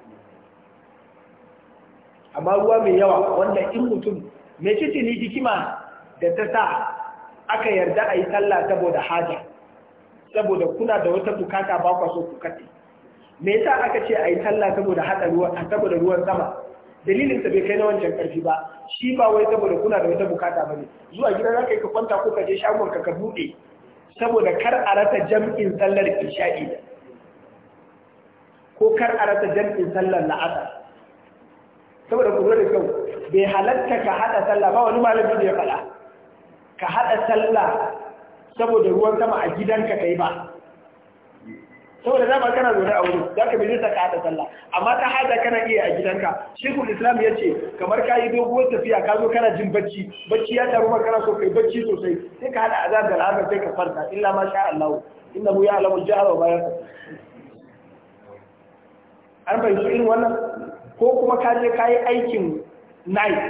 S1: amma ruwa mai yawa wanda in mutum mai cece ni hikima da ta sa aka yarda a yi sallah saboda haja saboda kuna da wata bukata ba kwa so ku me yasa aka ce ayi talla saboda hada ruwan saboda ruwan sama dalilin sa bai kai na wancan karfi ba shi ba wai saboda kuna da wata bukata bane zuwa gidan ranka ka kwanta ko ka je shagon ka ka bude saboda kar a rasa jam'in sallar isha'i ko kar a rasa jam'in sallar la'asar saboda ku da kyau bai halatta ka hada sallah ba wani malami da ya faɗa ka hada sallah saboda ruwan sama a gidanka kai ba saboda dama kana zaune a wurin ka bi zai saka hada sallah amma ta haɗa kana iya a gidanka shekul islam ya ce kamar ka yi doguwar tafiya ka zo kana jin bacci bacci ya taru maka kana so kai bacci sosai sai ka haɗa azab da al'adar sai ka farka illa ma sha Allah inna hu ya'lamu al-jahra wa bayan an bai irin wannan ko kuma ka je ka yi aikin night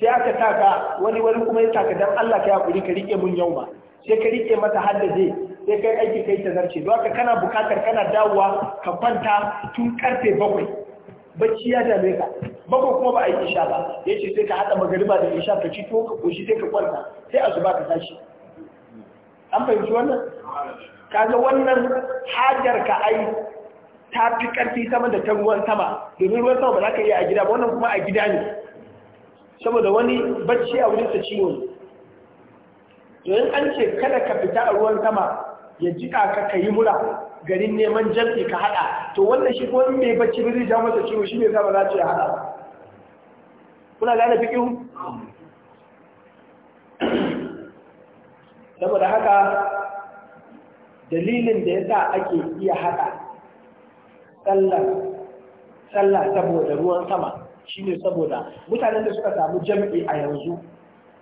S1: sai aka taka wani wani kuma ya taka dan Allah ka hakuri ka rike mun yau ba sai ka rike mata da zai sai kai aiki kai ta zarce don haka kana bukatar kana dawowa ka kwanta tun karfe bakwai bacci ya dame ka bakwai kuma ba a yi isha ba ya ce sai ka haɗa magariba da isha ka ci tuwo ka ƙoshi sai ka kwanta sai asuba ka tashi an fahimci wannan kaga wannan hajar ka ai ta fi ƙarfi sama da ta ruwan sama domin ruwan sama ba za ka iya a gida ba wannan kuma a gida ne saboda wani bacci a wurinsa ciwo ne domin an ce kada ka fita a ruwan sama ya ƙaƙa ka yi mura garin neman jam'i ka haɗa. to wannan shi ko mai bai bacci zai ja masa ciwo shi ne za ba za ta haɗa? kuna gane fikihu saboda haka dalilin da ya sa ake iya haɗa sallah sallah saboda ruwan sama shi ne saboda mutanen da suka samu jam'i a yanzu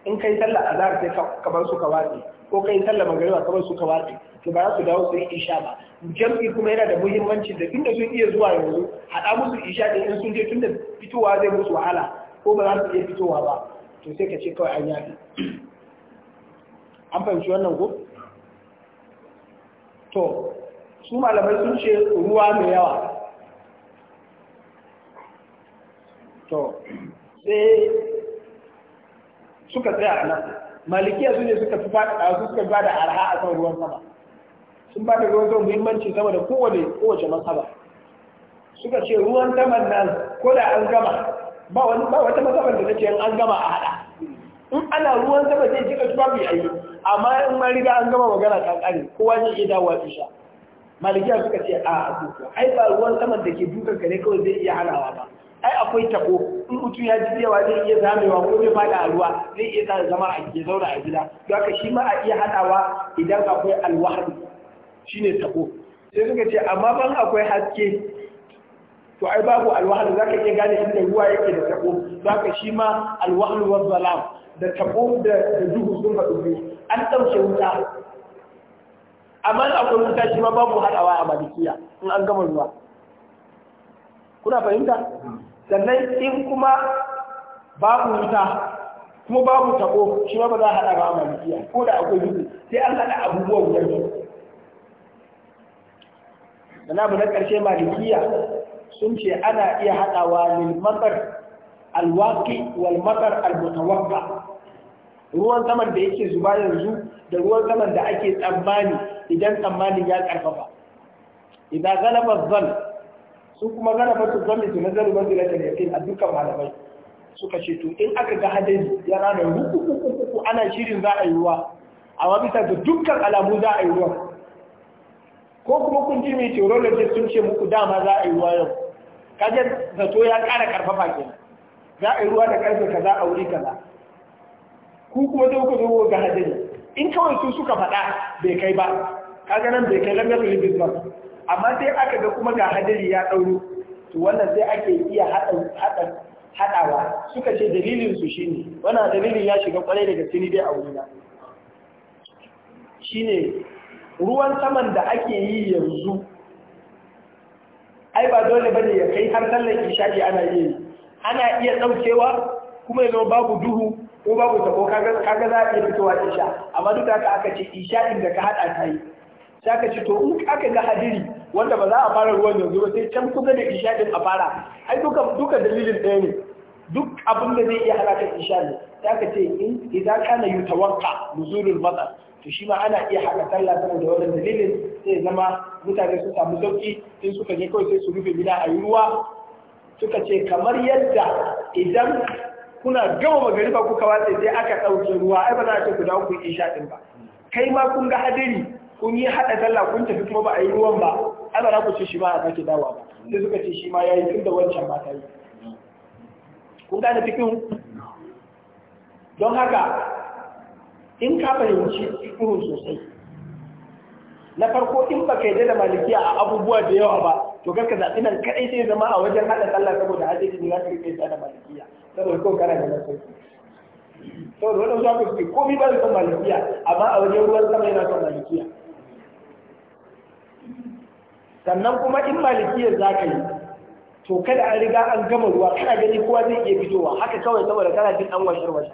S1: in kai sallah a za ka bar su ka watsi ko kai sallah magariwa ka bar su ka watsi to ba za su dawo su yi isha ba jam'i kuma yana da muhimmanci da tunda sun iya zuwa yanzu haɗa musu isha da in sun je tunda fitowa zai musu wahala ko ba za su iya fitowa ba to sai ka ce kawai an yafi an fahimci wannan ko to su malamai sun ce ruwa mai yawa to sai suka tsaya a nan malikiya su ne suka fi faɗaɗa su suka ba da arha a kan ruwan sama sun ba da ruwan sama muhimmanci sama da kowane kowace masaba suka ce ruwan zaman nan ko da an gama ba wani ba wata masaban da nake an gama a hada in ana ruwan sama zai jika tuba mai ayi amma in ma riga an gama magana ta kare kowa zai iya dawowa isha malikiya suka ce a abubuwa ai ba ruwan saman da ke dukan ka ne kawai zai iya hanawa ba ai akwai tako in mutum ya ji cewa zai iya zamewa ko zai fada a ruwa zai iya zama a ke zauna a gida don haka shi ma a iya hadawa idan akwai alwahari shine tabo sai suka ce amma ban akwai haske to ai babu alwahal zaka iya gane inda ruwa yake da tabo zaka shi ma alwahal wa zalam da tabo da duhu sun haɗu ne. an ɗauke wuta amma akwai wuta shi ma babu hadawa a malikiya in an gama ruwa kuna fahimta sannan in kuma babu wuta kuma babu tabo shi ma ba za a haɗa ba a malikiya ko da akwai duhu sai an haɗa abubuwan wuta da namu na ƙarshe malikiya sun ce ana iya haɗawa lil matsar alwaƙi wal matsar almutawakka ruwan saman da yake zuba yanzu da ruwan saman da ake tsammani idan tsammanin ya karfafa. idan galaba zan su kuma galaba su zan su na zaru yakin a dukkan malamai suka ce to in aka ga hadari ya rana ruku ana shirin za a yi ruwa amma bisa da dukkan alamu za a yi ruwa ko kuma kun ji meteorologist sun ce muku dama za a yi ruwa yau kaje zato ya ƙara karfafa kenan za a yi ruwa da karfe kaza a wuri kaza ku kuma zai ku zo ga hadari in kawai su suka faɗa bai kai ba kaga nan bai kai lamar libis ba amma sai aka ga kuma ga hadari ya ɗauro to wannan sai ake iya haɗa haɗawa suka ce dalilin su shine wannan dalilin ya shiga kwarai daga tuni dai a wurina shine ruwan saman da ake yi yanzu ai ba dole bane ya kai har sallar isha'i ana yi ana iya daukewa kuma yanzu babu duhu ko babu tako kaga za ka iya fitowa isha amma duk da haka aka ce din da ka hada ta yi sai ka ce to in aka ga hadiri wanda ba za a fara ruwan yanzu ba sai can kuma da din a fara ai duka duka dalilin ɗaya ne duk abin da zai iya halaka isha ne sai ka ce in idan kana yutawanka nuzulul matsar to shi ma ana iya haɗa sallah da wannan dalilin sai zama mutane su samu sauki in suka je kawai sai su rufe gida a yi ruwa suka ce kamar yadda idan kuna gama magariba kuka watsa sai aka ɗauke ruwa ai ba za a ce ku dawo ku yi isha ba kai ma kun ga hadari kun yi haɗa sallah kun tafi kuma ba a yi ruwan ba ai ba za ku ce shi ma a sake dawa ba sai suka ce shi ma ya yi tun da wancan ma ta yi kun gane cikin don haka in ka fahimci fiqhun sosai na farko in baka yarda da malikiya a abubuwa da yawa ba to karka zaɓi nan kaɗai sai zama a wajen haɗa sallah saboda hadisi ne za ka kai da malikiya saboda ko kana da nan sauki saboda wannan zuwa kuke komai ba son malikiya amma a wajen ruwan sama yana son malikiya sannan kuma in malikiyar za ka yi to kada an riga an gama ruwa kana gani kowa zai iya fitowa haka kawai saboda kana jin an washe washe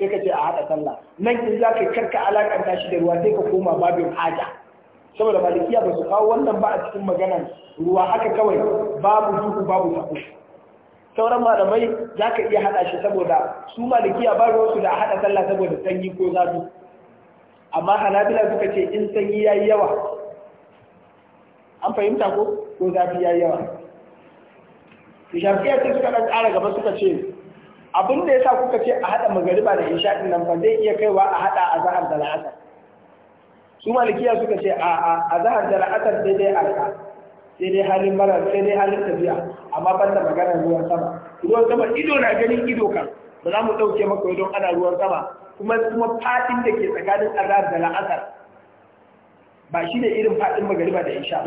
S1: sai ka ce a haɗa sallah nan in za ka karka alakanta shi da ruwa sai ka koma babin haja saboda malikiya ba su kawo wannan ba a cikin maganan ruwa haka kawai babu duhu babu sako sauran malamai za ka iya haɗa shi saboda su malikiya ba ruwansu da a haɗa sallah saboda sanyi ko zafi amma hanabila suka ce in sanyi ya yi yawa an fahimta ko ko zafi ya yi yawa shafiya sai suka ɗan ƙara gaba suka ce abin da ya sa kuka ce a hada magariba da isha nan ba zai iya kaiwa a hada zahar da la'asar su malikiya suka ce a a zahar da la'asar sai dai arka sai dai halin mara sai dai halin tafiya amma ban da maganar ruwan sama ruwan sama ido na ganin ido kan ba za mu dauke maka don ana ruwan sama kuma kuma fadin da ke tsakanin azhar da la'asar ba shi ne irin fadin magariba da isha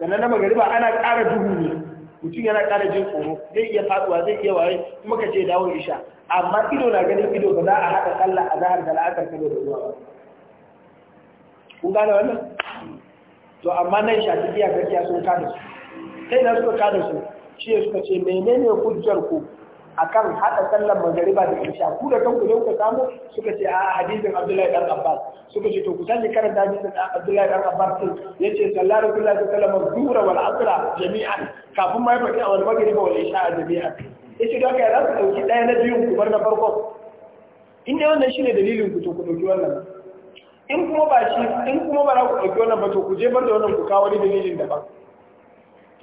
S1: sannan na magariba ana ƙara duhu ne mutum yana ƙara jin tsoro zai iya faduwa zai iya waye kuma ka ce dawo isha amma ido na ganin ido ba za a haɗa kalla a zahar da la'akar kano da ruwa ba kun gane wannan to amma nan sha tafiya gaskiya sun kada su sai na suka kada su shi suka ce menene hujjar ku akan hada sallar magariba da isha ku da kanku ne kuka samu suka ce a hadisin Abdullahi dan Abbas suka ce to ku sani karanta hadisin Abdullahi dan Abbas din yace sallallahu alaihi wasallam zuhra wal asra jami'an kafin ma ya a wal magriba wal isha jami'an yace da kai za ku dauki daya na biyun ku bar na farko in dai wannan shine dalilin ku to ku dauki wannan in kuma ba shi in kuma ba ku dauki wannan ba to ku je bar da wannan ku kawo wani dalilin daban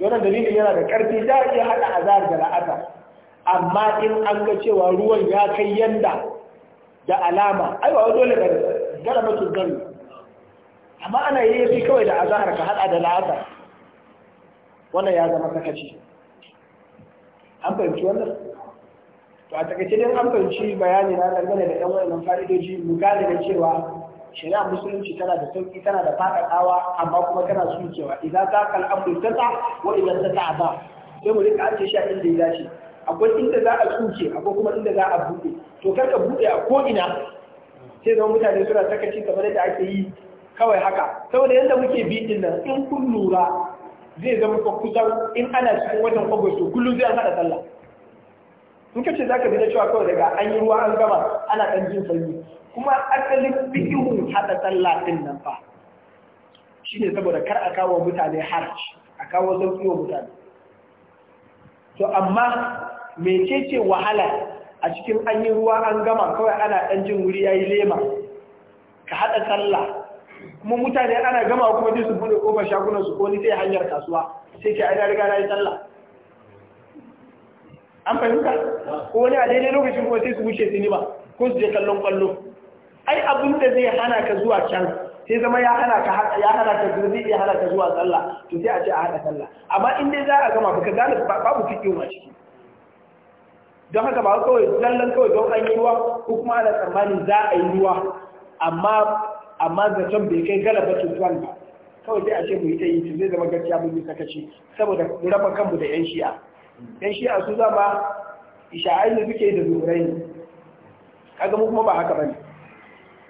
S1: to wannan dalilin yana da karfi za a iya hada azar da la'ata amma in an ga cewa ruwan ya kai yanda da alama ai dole dole gara garamatul gari amma ana yi yafi kawai da azahar ka hada da la'azar wannan ya zama sakaci an fahimci wannan to a takaice dai an fahimci bayani na dangane da yan wayannan fa'idoji mu gane da cewa shari'a musulunci tana da sauki tana da fadadawa amma kuma tana sukewa idan za ka al'amru tata wa idan tata ba sai mu rika ake a inda ya dace akwai inda za a tsuke akwai kuma inda za a buɗe to kar ka buɗe a ko ina sai zama mutane suna sakaci kamar da ake yi kawai haka saboda yadda muke bi din nan in kun lura zai zama ka kusan in ana cikin watan agusto kullum zai an haɗa sallah in ka ce za bi na cewa kawai daga an yi ruwa an gama ana ɗan jin sanyi kuma asalin bihun haɗa sallah ɗin nan fa shine saboda kar a kawo mutane harci a kawo sauƙi wa mutane to amma mecece wahala a cikin an yi ruwa an gama kawai ana ɗan jin wuri ya yi lema ka haɗa sallah kuma mutane ana gama kuma ji su bude ƙofar shagunan su ko ni sai hanyar kasuwa sai ke aina riga na yi sallah an fahimta ko wani a daidai lokacin kuma sai su wuce sinima ko su je kallon kwallo ai abin da zai hana ka zuwa can sai zama ya hana ka ya hana ka zuwa ya hana ka zuwa sallah to sai a ce a hada sallah amma in dai za a gama baka gane babu fikihu a ciki don haka ba kawai zallan kawai don an yi ruwa ko kuma ana tsammanin za a yi ruwa amma amma zaton bai kai galaba tuntuwan ba kawai sai a ce mu yi ta yi to zai zama gaskiya mun yi sakaci saboda raba kanmu da yan shi'a yan shi'a su zama isha'ai ne suke da zurai kaga mu kuma ba haka bane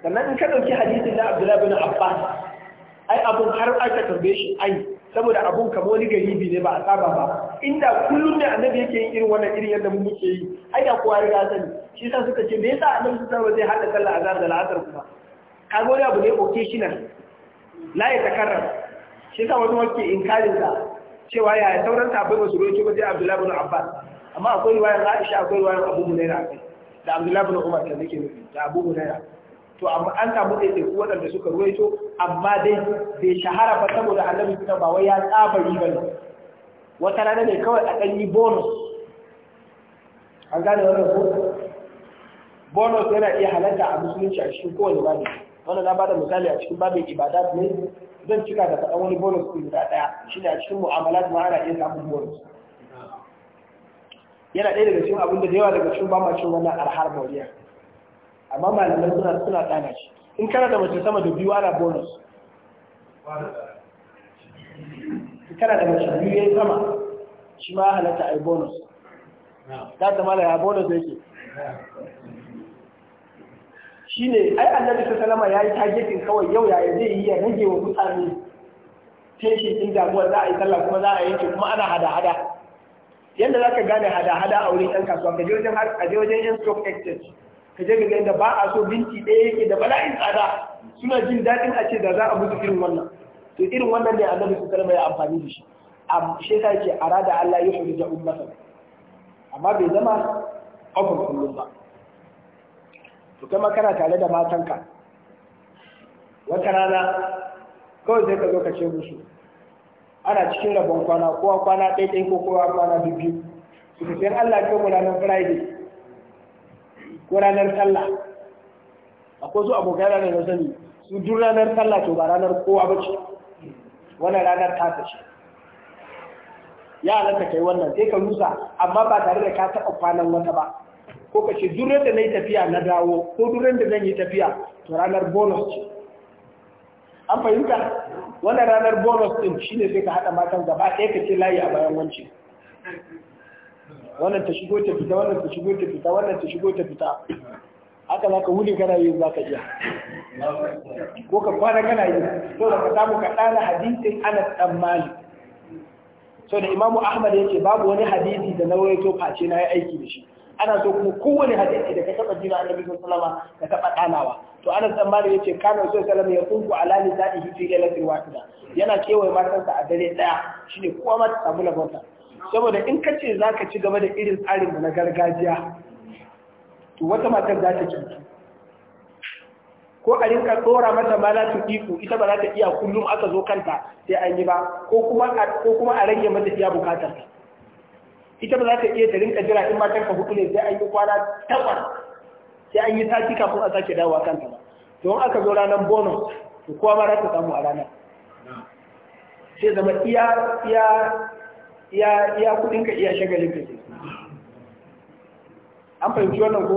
S1: sannan in ka dauki hadisin na Abdullahi bin Abbas ai abun har aka tambaye shi ai saboda abun kama wani garibi ne ba a saba ba inda kullum ne annabi yake yin irin wannan irin yadda mu muke yi ai da kowa ya sani shi yasa suka ce me yasa annabi sallallahu alaihi zai hada sallah azhar da la'asar kuma kaga wani abu ne occasional la ya takarrar shi yasa wani wake in sa cewa ya sauran sahabbai wasu su roƙi ba sai Abdullahi ibn Abbas amma akwai riwayar Aisha akwai riwayar Abu Hurairah akai da Abdullahi ibn Umar da nake nufi da Abu Hurairah to amma an samu ɗaiɗaiku waɗanda suka ruwaito amma dai bai shahara ba saboda annabi suna ba wai ya tsabari ba ne wata rana ne kawai a ɗan yi bonus an gane wannan ko bonus yana iya halatta a musulunci a cikin kowane babi wannan na ba da misali a cikin babin ibada ne zan cika da faɗan wani bonus ɗin guda ɗaya shi ne a cikin mu'amalat ma ana iya samun bonus yana ɗaya daga cikin abin da yawa daga cikin ba ma cin wannan alhar mauriya amma malaman suna suna tsana shi in kana da mace sama da biyu ana bonus in kana da mace biyu yayi sama shi ma halatta ai bonus ta ta mala ya bonus yake ne ai annabi sallallahu alaihi wasallam yayi targetin kawai yau yaya zai yi ya rage wa mutane tension din damuwa za a yi sallah kuma za a yanke kuma ana hada hada yadda za ka gane hada-hada a wurin ɗan kasuwa ka je wajen yan stock exchange ka je ga inda ba a so binti ɗaya yake da bala'in tsada suna jin daɗin a ce da za a mutu irin wannan to irin wannan ne annabi su salama ya amfani da shi a shi ta ce a rada Allah ya hori da ummatan amma bai zama ofin kullum ba to kai kana tare da matanka wata rana kawai sai ka zo ka ce musu ana cikin rabon kwana kowa kwana ɗaya ɗaya ko kowa kwana biyu to sai Allah ya kai mu ranar Friday ko ranar sallah akwai su abokan ranar da sani su duk ranar sallah to ba ranar kowa ba ce wannan ranar tasa ce ya alanta kai wannan sai ka rusa amma ba tare da ka taɓa kwanan wata ba ko ka ce duk da na yi tafiya na dawo ko duk da zan yi tafiya to ranar bonus ce an fahimta wannan ranar bonus din shine sai ka haɗa matan gaba ɗaya ka ce layi a bayan wancan wannan ta shigo ta fita wannan ta shigo ta fita wannan ta shigo ta fita haka zaka wuni kana yi za ka iya ko ka kwana kana yi to da ka samu ka ɗana hadisin Anas tsammani so da Imam Ahmad ya ce babu wani hadisi da na wayo face na yi aiki da shi ana so kuma kowane hadisi da ka taba jina Annabi sallallahu alaihi ka taba ɗanawa. to ana tsammani ya ce kana so sallallahu ya kunku ala hiti ya lafi wahida yana kewaye matansa a dare ɗaya. shine kowa ma ta samu labarta saboda in ka ce za ka ci gaba da irin tsarin na gargajiya to wata matar za ta cutu ko a rinka tsora mata ma za ta iko ita ba za ta iya kullum aka zo kanta sai an yi ba ko kuma a rage mata iya bukatar ita ba za ta iya ta rinka jira in matan ka hudu ne sai an yi kwana takwas sai an yi sati kafin a sake dawowa kanta ba don aka zo ranar bonus to kowa ma za ta samu a ranar sai zama iya iya Ya kudin ka iya shagalin ka ke an fahimci wannan ko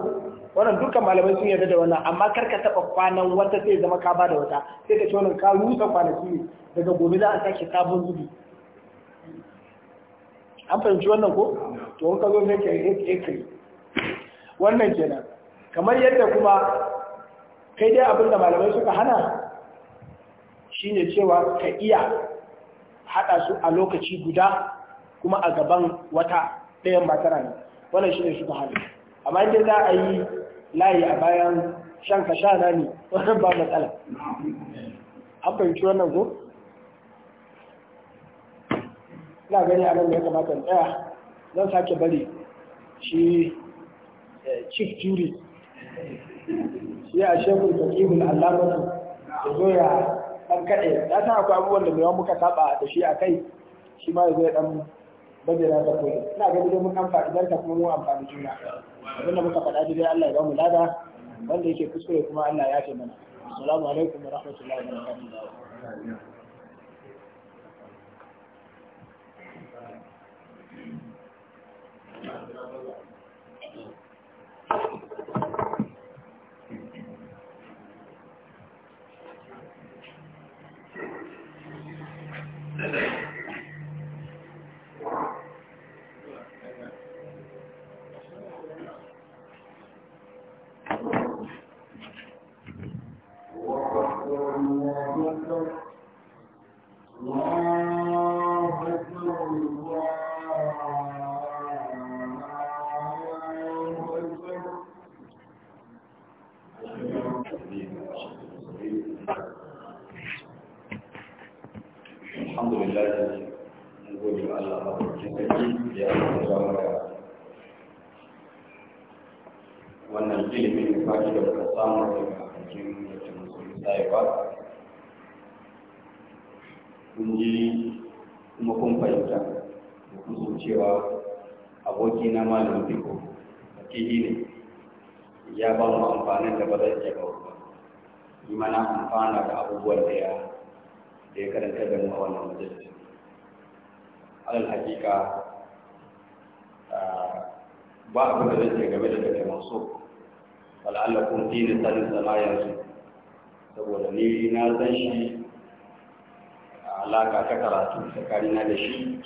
S1: wannan dukkan malamai sun yarda da wannan amma kar ka taba kwanan wata sai zama ka bada wata sai ka ce wannan ka rusa kwanaki ne daga gobe za a sake sabon zubi an fahimci wannan ko to ka zo ne ka yi kai wannan kenan kamar yadda kuma kai dai abin da malamai suka hana shine cewa ka iya haɗa su a lokaci guda kuma a gaban wata ɗayan ba tara ne wannan shi ne shi hali amma yadda za a yi layi a bayan shan ka sha na ne wannan ba matsala an fahimci wannan ko ina gani a nan ya kamata in tsaya zan sake bari shi eh, chief jury shi a shekul fakihun allamatu da zo ya ɗan kaɗe ya san akwai abubuwan da mai muka saba da shi a kai shi ma ya zo ya ɗan bajira ta koyi ina ga dai mun amfani barka kuma mun amfani juna abinda muka faɗa dai Allah ya ba mu lada wanda yake kuskure kuma Allah ya ce mana assalamu alaikum wa rahmatullahi wa barakatuh abin da zai game da take masu wal'allakun dini sanin zama yanzu saboda ni na san shi a alaka ta karatu tsakanina da shi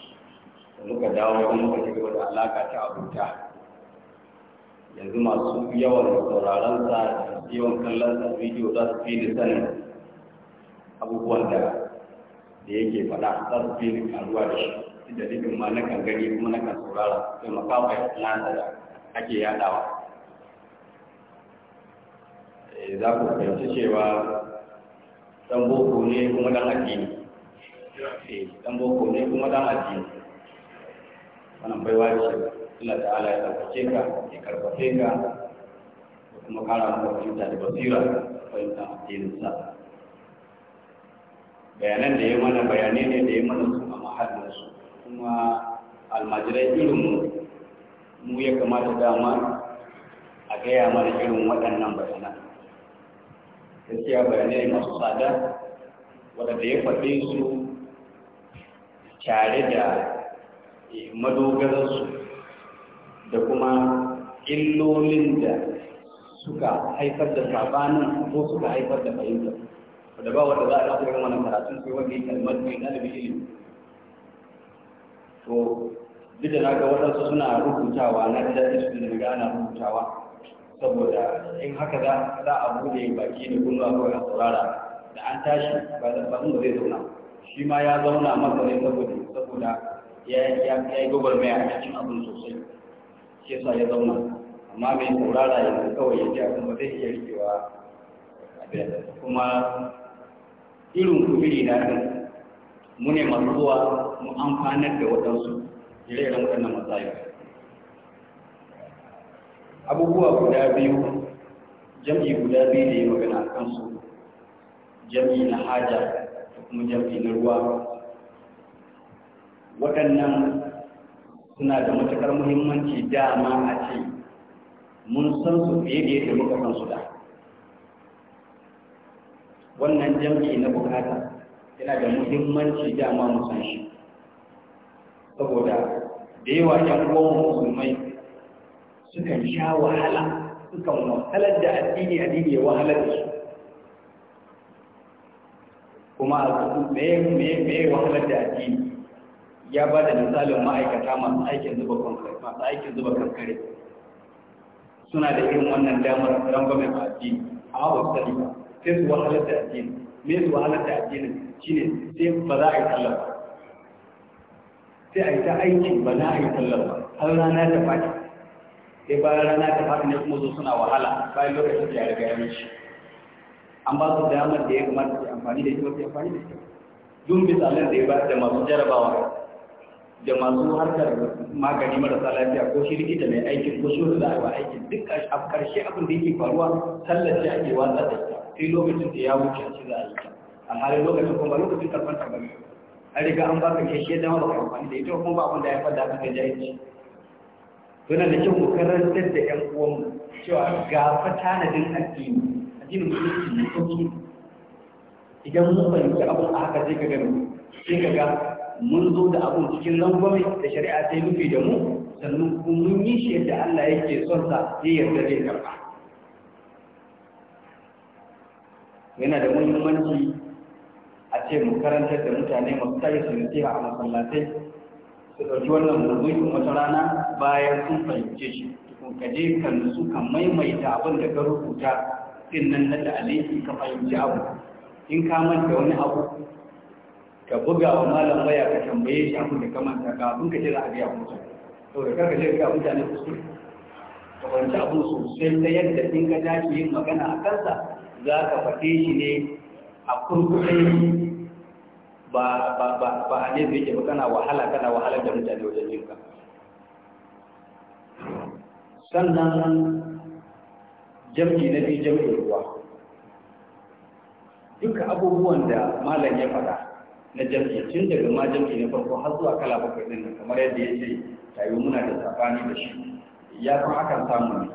S1: da muka dawo wani muka ci gaba da alaka ta abuta yanzu masu yawan sauraron sa yawan kallon sa bidiyo za su fi ni sanin abubuwan da da yake faɗa za su fi ni karuwa da shi dalilin ma na kan gani kuma na kan saurara sai makawa ya ake yadawa eh, za ku fahimci cewa dan boko ne kuma dan addini dan eh, boko ne kuma dan addini wannan baiwa ce Allah ta'ala ya tabbace ka ya karfafe ka da kuma kara maka fahimta da basira fahimta addinin sa bayanan da ya mana bayanai ne da ya mana su a mahallinsu kuma almajirai ilimin mu ya kamata dama a gaya mana irin waɗannan bayanan gaskiya bayanai masu tsada waɗanda ya faɗe su tare da eh, madogararsu da kuma illolin da suka haifar da sabanin ko suka haifar da fahimtar wadda ba wadda za a ɗaukar wani karatun kai wanda ya kalmar mai ɗalibin ilimi to duk da na ga waɗansu suna rubutawa na ji daɗi su daga ana rubutawa saboda in haka za za a bude baki da kullum akwai a saurara da an tashi ba da ba zai zauna shi ma ya zauna masa ne saboda saboda ya ya yi gwagwarmaya a cikin abin sosai shi yasa ya zauna amma mai saurara yanzu kawai ya ji abin ba zai iya rikewa kuma irin kubiri na din mu ne masu zuwa mu amfanar da waɗansu ire-iren waɗannan matsayi abubuwa guda biyu jam'i guda biyu da yi magana a kansu jam'i na haja da kuma jam'i na ruwa waɗannan suna da matuƙar muhimmanci dama a ce mun san su fiye da yadda muka san su da wannan jam'i na bukata yana da muhimmanci dama mu san shi saboda da yawa yan uwan musulmai sukan sha wahala sukan wahalar da addini addini ya wahalar da su kuma a cikin meye meye meye wahalar da addini ya ba da misalin ma'aikata masu aikin zuba kankare masu aikin zuba kankare suna da irin wannan damar rangamin addini amma ba su sai su wahalar da addini me su wahalar da addini shine sai ba za a yi sallah ba sai a yi ta aiki ba za a yi sallar ba har rana ta fata sai bayan rana ta fata ne kuma zo suna wahala bayan lokacin da ya riga ya mishi an ba su damar da ya kamata su amfani da shi wasu amfani da shi dun nan da ya ba da masu jarabawa da masu harkar magani marasa lafiya ko shi likita mai aikin ko shi da aiwa aikin duk a karshe abin da yake faruwa sallar shi ake watsa da ita sai lokacin da ya wuce shi za a yi a halin lokacin kuma lokacin karfan tabbata an riga an baka keke dama baka amfani da ita kuma ba abin da ya fada aka kai jahilci yana da kyau mu karantar da 'yan uwan cewa ga fa tanadin addini addinin musulunci ne sauki idan mun fahimci abin a haka zai ka gani sai ka ga mun zo da abun cikin rangwame da shari'a sai nufi da mu sannan kuma mun yi shi yadda Allah yake son sa ya yarda zai karɓa yana da muhimmanci a ce mu karantar da mutane masu tsaye su nasiha a masallatai su ɗauki wannan kuma wata rana bayan sun fahimce shi ka je ka nutsu ka maimaita abin da ka rubuta din nan na da aliki ka fahimci abu in ka manta wani abu ka buga wa malam waya ka tambaye shi abin da ka manta kafin ka je za a biya mutu saboda da karka je ga mutane kuskure ka fahimci abu sosai ta yadda in ka tashi yin magana a kansa za ka faɗe shi ne a kurkuɗe ba ba ba ba a ne zai ke ba kana wahala kana wahala da mutane wajen yin ka sannan jam'i na biyu jam'i ruwa duka abubuwan da malam ya faɗa na jam'i tun daga ma jam'i na farko har zuwa kala bakwai din kamar yadda ya ce tayo muna da sabani da shi ya san akan samu ne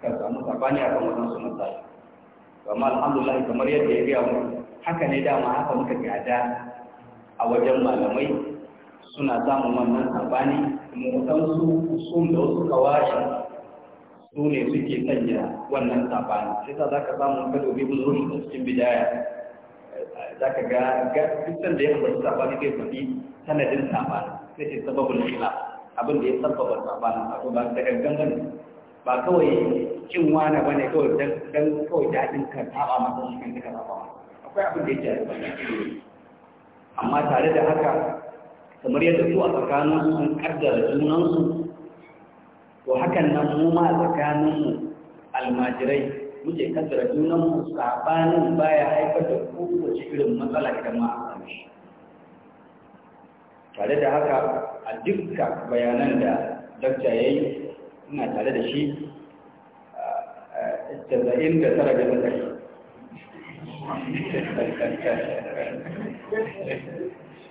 S1: ka samu sabani kan wannan sunan matsala amma alhamdulillah kamar yadda ya gaya mu haka ne dama haka muka gada a wajen malamai suna samun wannan sabani su sun da wasu kawashin su ne suke sanya wannan sabani sai sa za ka samu ka dobi mun rushe da cikin bidaya za ka ga dukkan da yake sabani zai faɗi sanadin sabani sai ce sababul khilaf abin da ya sababa sabani a ko ba ta gangan ba kawai cin wani ba ne kawai don kawai daɗin kan taɓa masa shi kan duka zaɓa akwai abin da ya jari ba amma tare da haka kamar yadda su a tsakanin su sun ƙaddara junansu to hakan nan mu ma a tsakaninmu almajirai muke kaddara junanmu saɓanin baya haifar da kowace irin matsala idan ma a tare da haka a dukkan bayanan da dakta ya yi ina tare da shi ah, ah, casa'in da tara da matsari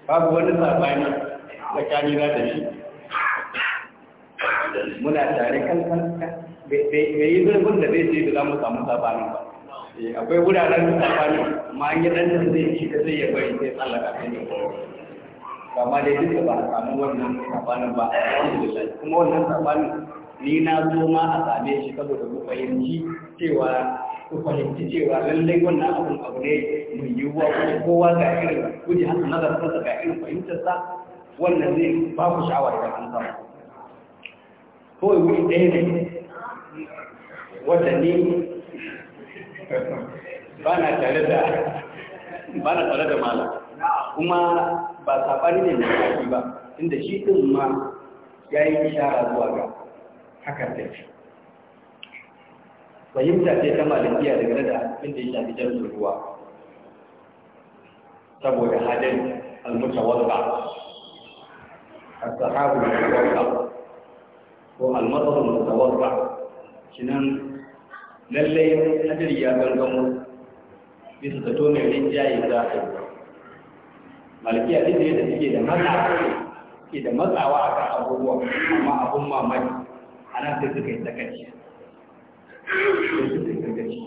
S1: babu wani sabani da na da shi muna tare kankan bai yi zurfin da zai ce da za mu samu sabani ba eh, akwai wuraren sabani ma an yi ɗan da zai ci da zai ya sai tsallaka sai yi kama dai duka ba a samu wannan sabanin ba alhamdulillah kuma wannan sabanin ni na zo ma a same shi saboda ku fahimci cewa ku fahimci cewa lallai wannan abun abu ne mai yiwuwa kuma kowa ga irin kuji hasa nazarinsa ga irin fahimtar sa, wannan zai ba ku sha'awa da an sama, kawai wuri ɗaya ne wadda ni ba na tare da ba na tare da mala kuma ba saɓani ne mai ƙarfi ba inda shi ɗin ma ya yi ishara zuwa ga hakan da shi fahimta ce ta malikiya daga da gada da ya shafi jan ruwa saboda hadin almuta wadda a sahabu al ko al da wadda mutawalla kinan lallai hadin ya gangamo bisa zato mai rinjaye za a yi inda ya da suke da matsawa a kan abubuwa amma abun mamaki ma'ana sai suka yi sakaci sai suka yi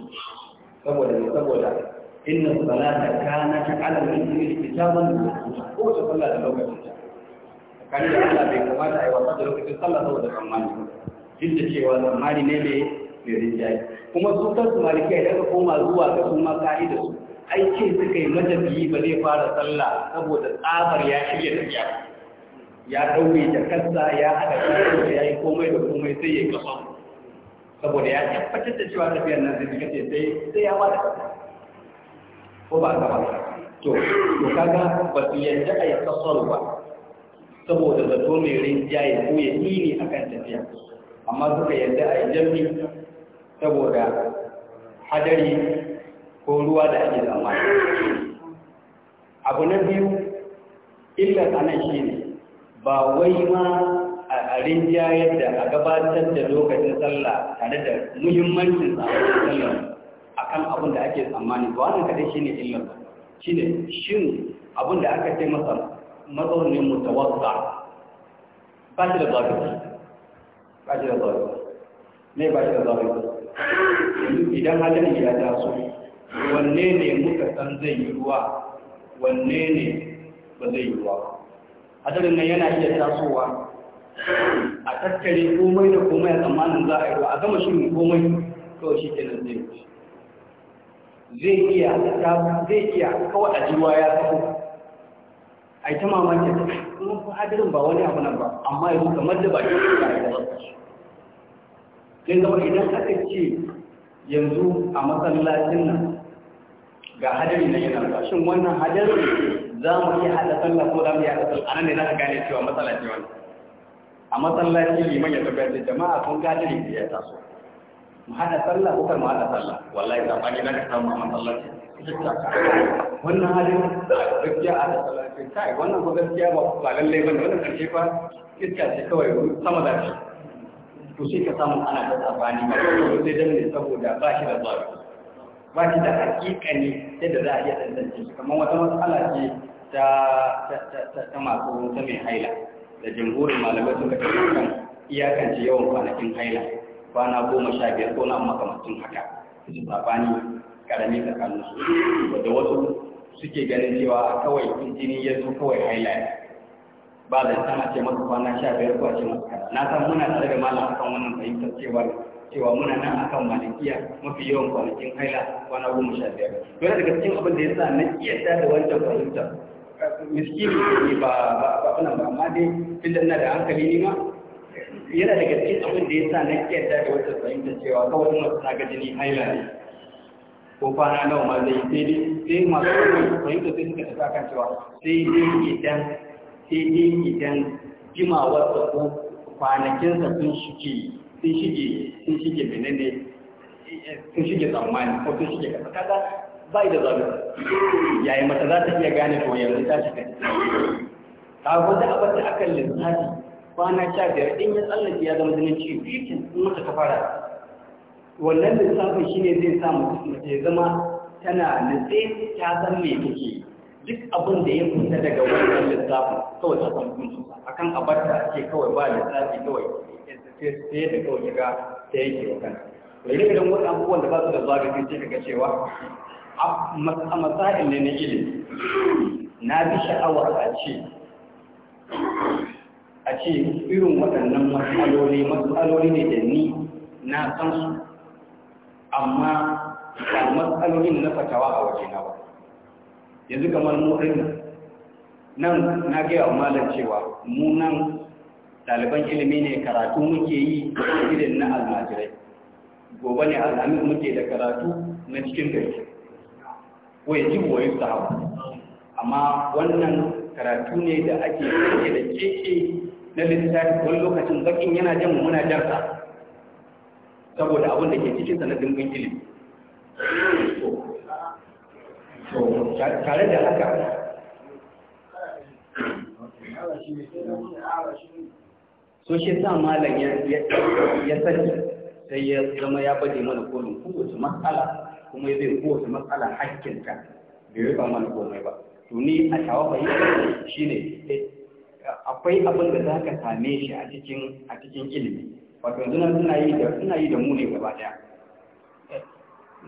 S1: saboda saboda inna salata kana ta alal da kitaban ko ta sallah da lokacin ta kan da Allah bai kamata ai wasa da lokacin sallah saboda tsammani duk da cewa tsammani ne ne mai rinjaye kuma su kansu malikai da koma zuwa ga su ma da su ai ce suka yi matafiyi ba zai fara sallah saboda tsabar ya shirya tafiya ya ɗaure da kansa ya haɗa kansa ya yi komai da komai sai ya yi kafa saboda ya tabbatar da cewa tafiyar nan zai kace sai sai ya wada ko ba ka ba to to kaga ba su yadda a yi kasar ba saboda zato mai rinjaye ko ya yi ne akan tafiya amma suka yadda a yi jami saboda hadari ko ruwa da ake zama abu na biyu illar anan shi ne ba wai ma a rinjayar da a gabatar da lokacin sallah tare da muhimmancin tsarin sallah kan abin da ake tsammani ba wani kadai ne illar shine shin abin da aka ce masa matsaunin mutawassa ba shi da zafi ba shi da zafi ne ba shi da zafi idan halin ya taso wanne ne muka san zai yi ruwa wanne ne ba zai yi ruwa ba hadarin nan yana iya tasowa a tattare komai da komai a tsammanin za a yi a gama shirin komai kawai shi kenan zai wuce zai iya zai iya kawai a jiwa ya tafi a yi ta mamaki kuma ko hadarin ba wani abu nan ba amma yanzu kamar da ba ke yi da zai zama idan aka ce yanzu a masallacin nan ga hadari na yana ba shin wannan hadarin za mu iya haɗa sallah ko za mu iya haɗa sallah anan ne za ka gane cewa matsala ce wani a masallaci liman ya tafiya da jama'a sun gane ne ya taso mu haɗa sallah ko kar mu haɗa sallah wallahi za ba ni za ka samu a masallaci wannan halin gaskiya a da sallah kai wannan ko gaskiya ba ba lallai bane wannan karshe fa iska ce kawai sama da shi to sai ka samu ana da tsafani ba sai dan ne saboda ba shi da tsari ba shi da hakika ne yadda da za a iya tantance shi kamar wata matsala ce ta masu ta mai haila da jamhurin malamai suka tafi kan iyakance yawan kwanakin haila kwana goma sha biyar ko na makamacin haka su tsafani karami tsakanin su wadda wasu suke ganin cewa kawai jini ya zo kawai haila ne. ba da a ce masa kwana sha biyar ko a ce masa kaza na san muna tare da malam akan wannan fahimtar cewa cewa muna nan akan malikiya mafi yawan kwanakin haila kwana goma sha biyar yana daga cikin abin da ya sa na iya da wancan fahimta miskini ne ba ba ba ba ba amma dai tun da ina da hankali ne ma yana daga cikin abin da ya sa na iya da wancan fahimta cewa kawai ina suna ga jini haila ne ko kwana nawa ma zai sai dai sai masu fahimta sai suka tafi akan cewa sai dai idan sai dai idan jimawarsa ko kwanakinsa sun shige sun shige sun shige menene sun shige tsammani ko sun shige kasa kaga bai da zabi yayi mata za ta iya gane to yanzu ta shiga ta gwada a da akan lissafi kwana sha biyar in ya tsallake ya zama jinin ciwo shi in mata ta fara wannan lissafin shine zai sa mutum ya zama tana nutse ta san me take duk abin da ya fita daga wannan lissafin kawai ta san hukuncin akan abarta ce kawai ba lissafi kawai sai ta kawai ga ta yake wa kan to ire iren wasu abubuwan da ba su da zagafi sai ka ga cewa a matsayin ne na ilimi na bi sha'awa a ce a ce irin waɗannan matsaloli matsaloli ne da ni na san su amma ba matsaloli na fatawa a waje na ba yanzu kamar mu nan na gaya wa malam cewa mu nan ɗaliban ilimi ne karatu muke yi irin na almajirai gobe ne alhamis muke da karatu na cikin gari ko ya ji wayo sahabu amma wannan karatu ne da ake kake da keke na littafi wani lokacin bakin yana jan muna jarsa saboda abin da ke cikin sanadin dimbin ilimi tare da haka so shi sa malam ya sani sai ya zama ya bade mana kolin kowace matsala kuma ya bai kowace matsala ka bai ba mana komai ba to ni a tawa shi shine eh, akwai abin da za ka same shi a cikin a cikin ilimi wato yanzu nan suna yi da suna yi da mu ne gaba daya eh,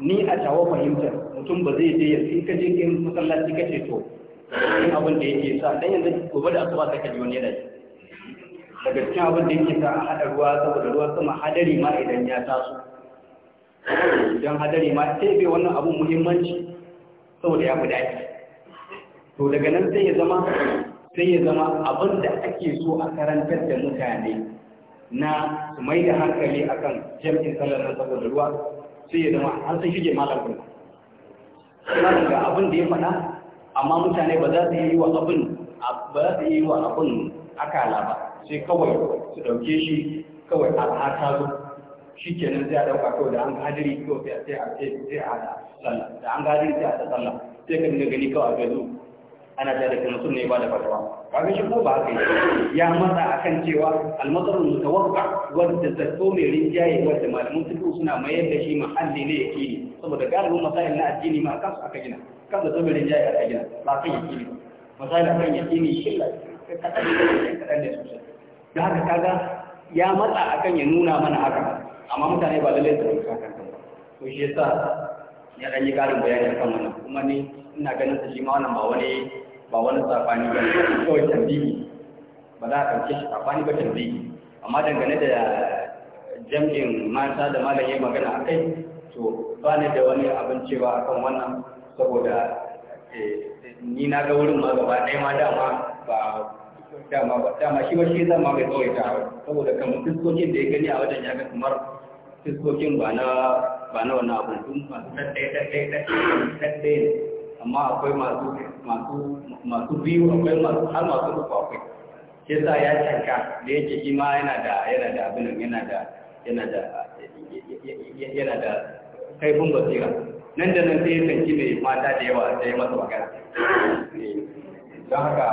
S1: ni a tawo fahimtar mutum ba zai je ya in ka je kin masallaci kace to abin da yake sa dan yanzu gobe da asuba ka ji wani yana yi daga cikin abin da yake sa a haɗa ruwa saboda ruwan sama hadari ma idan ya taso idan hadari ma sai bai wannan abin muhimmanci saboda ya fi daɗi to daga nan sai ya zama sai ya zama abin da ake so a karantar da mutane na su mai da hankali akan jam'in sallar nan saboda ruwa sai ya zama an sun shige malar gudu suna daga abin da ya faɗa amma mutane ba za su yi wa abin ba za su yi wa abin akala ba sai kawai su ɗauke shi kawai a ta zo shi kenan sai a ɗauka kawai da an hadiri kawai sai a sai a sallah da an hadiri sai a ta sallah sai ka dinga gani kawai a gaisu ana tare da mutum ne ba da fatawa kaga shi ko ba haka yi ya matsa kan cewa almasarul mutawaqqa wanda zato mai rinjaye wanda malamin fiqh suna mayar da shi mahalli ne yake ne saboda galibin matsayin na addini ma kansu aka gina kan zato mai rinjaye aka gina ba kan yake ne masayin akan yake ne shi kaɗan kaɗan ne sosai da haka kaga ya matsa akan ya nuna mana haka amma mutane ba lallai su rubuta kan ba to shi yasa ya dan yi karin bayani akan wannan kuma ni ina ganin su shi ma wannan ba wani ba wani safani ba ne kawai tambayi ba za a ɗauke shi safani ba tambayi amma dangane da jam'in mata da malam ya magana a kai to ba ni da wani abin cewa akan wannan saboda eh, ni na ga wurin ma gaba ɗaya ma dama ba dama ba dama shi ba shi zan ma bai kawai ta saboda kan fiskokin da ya gani a wajen ya ga kamar fiskokin ba na ba na wannan abun sun masu ɗaɗɗaya ɗaɗɗaya ɗaɗɗaya ne amma akwai masu masu masu biyu akwai masu har masu uku akwai shi yasa ya canka da yake shi ma yana da yana da abin yana da yana da yana da kaifin basira nan da nan sai ya sanki mai mata da yawa sai masa magana eh, don haka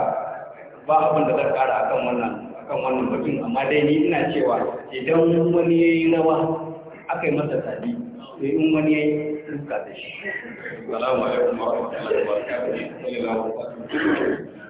S1: ba abin da zan kara akan wannan akan wannan batun amma dai ni ina cewa idan wani yayi rawa akai masa tabi sai in wani yayi iska da shi assalamu alaikum wa rahmatullahi wa barakatuh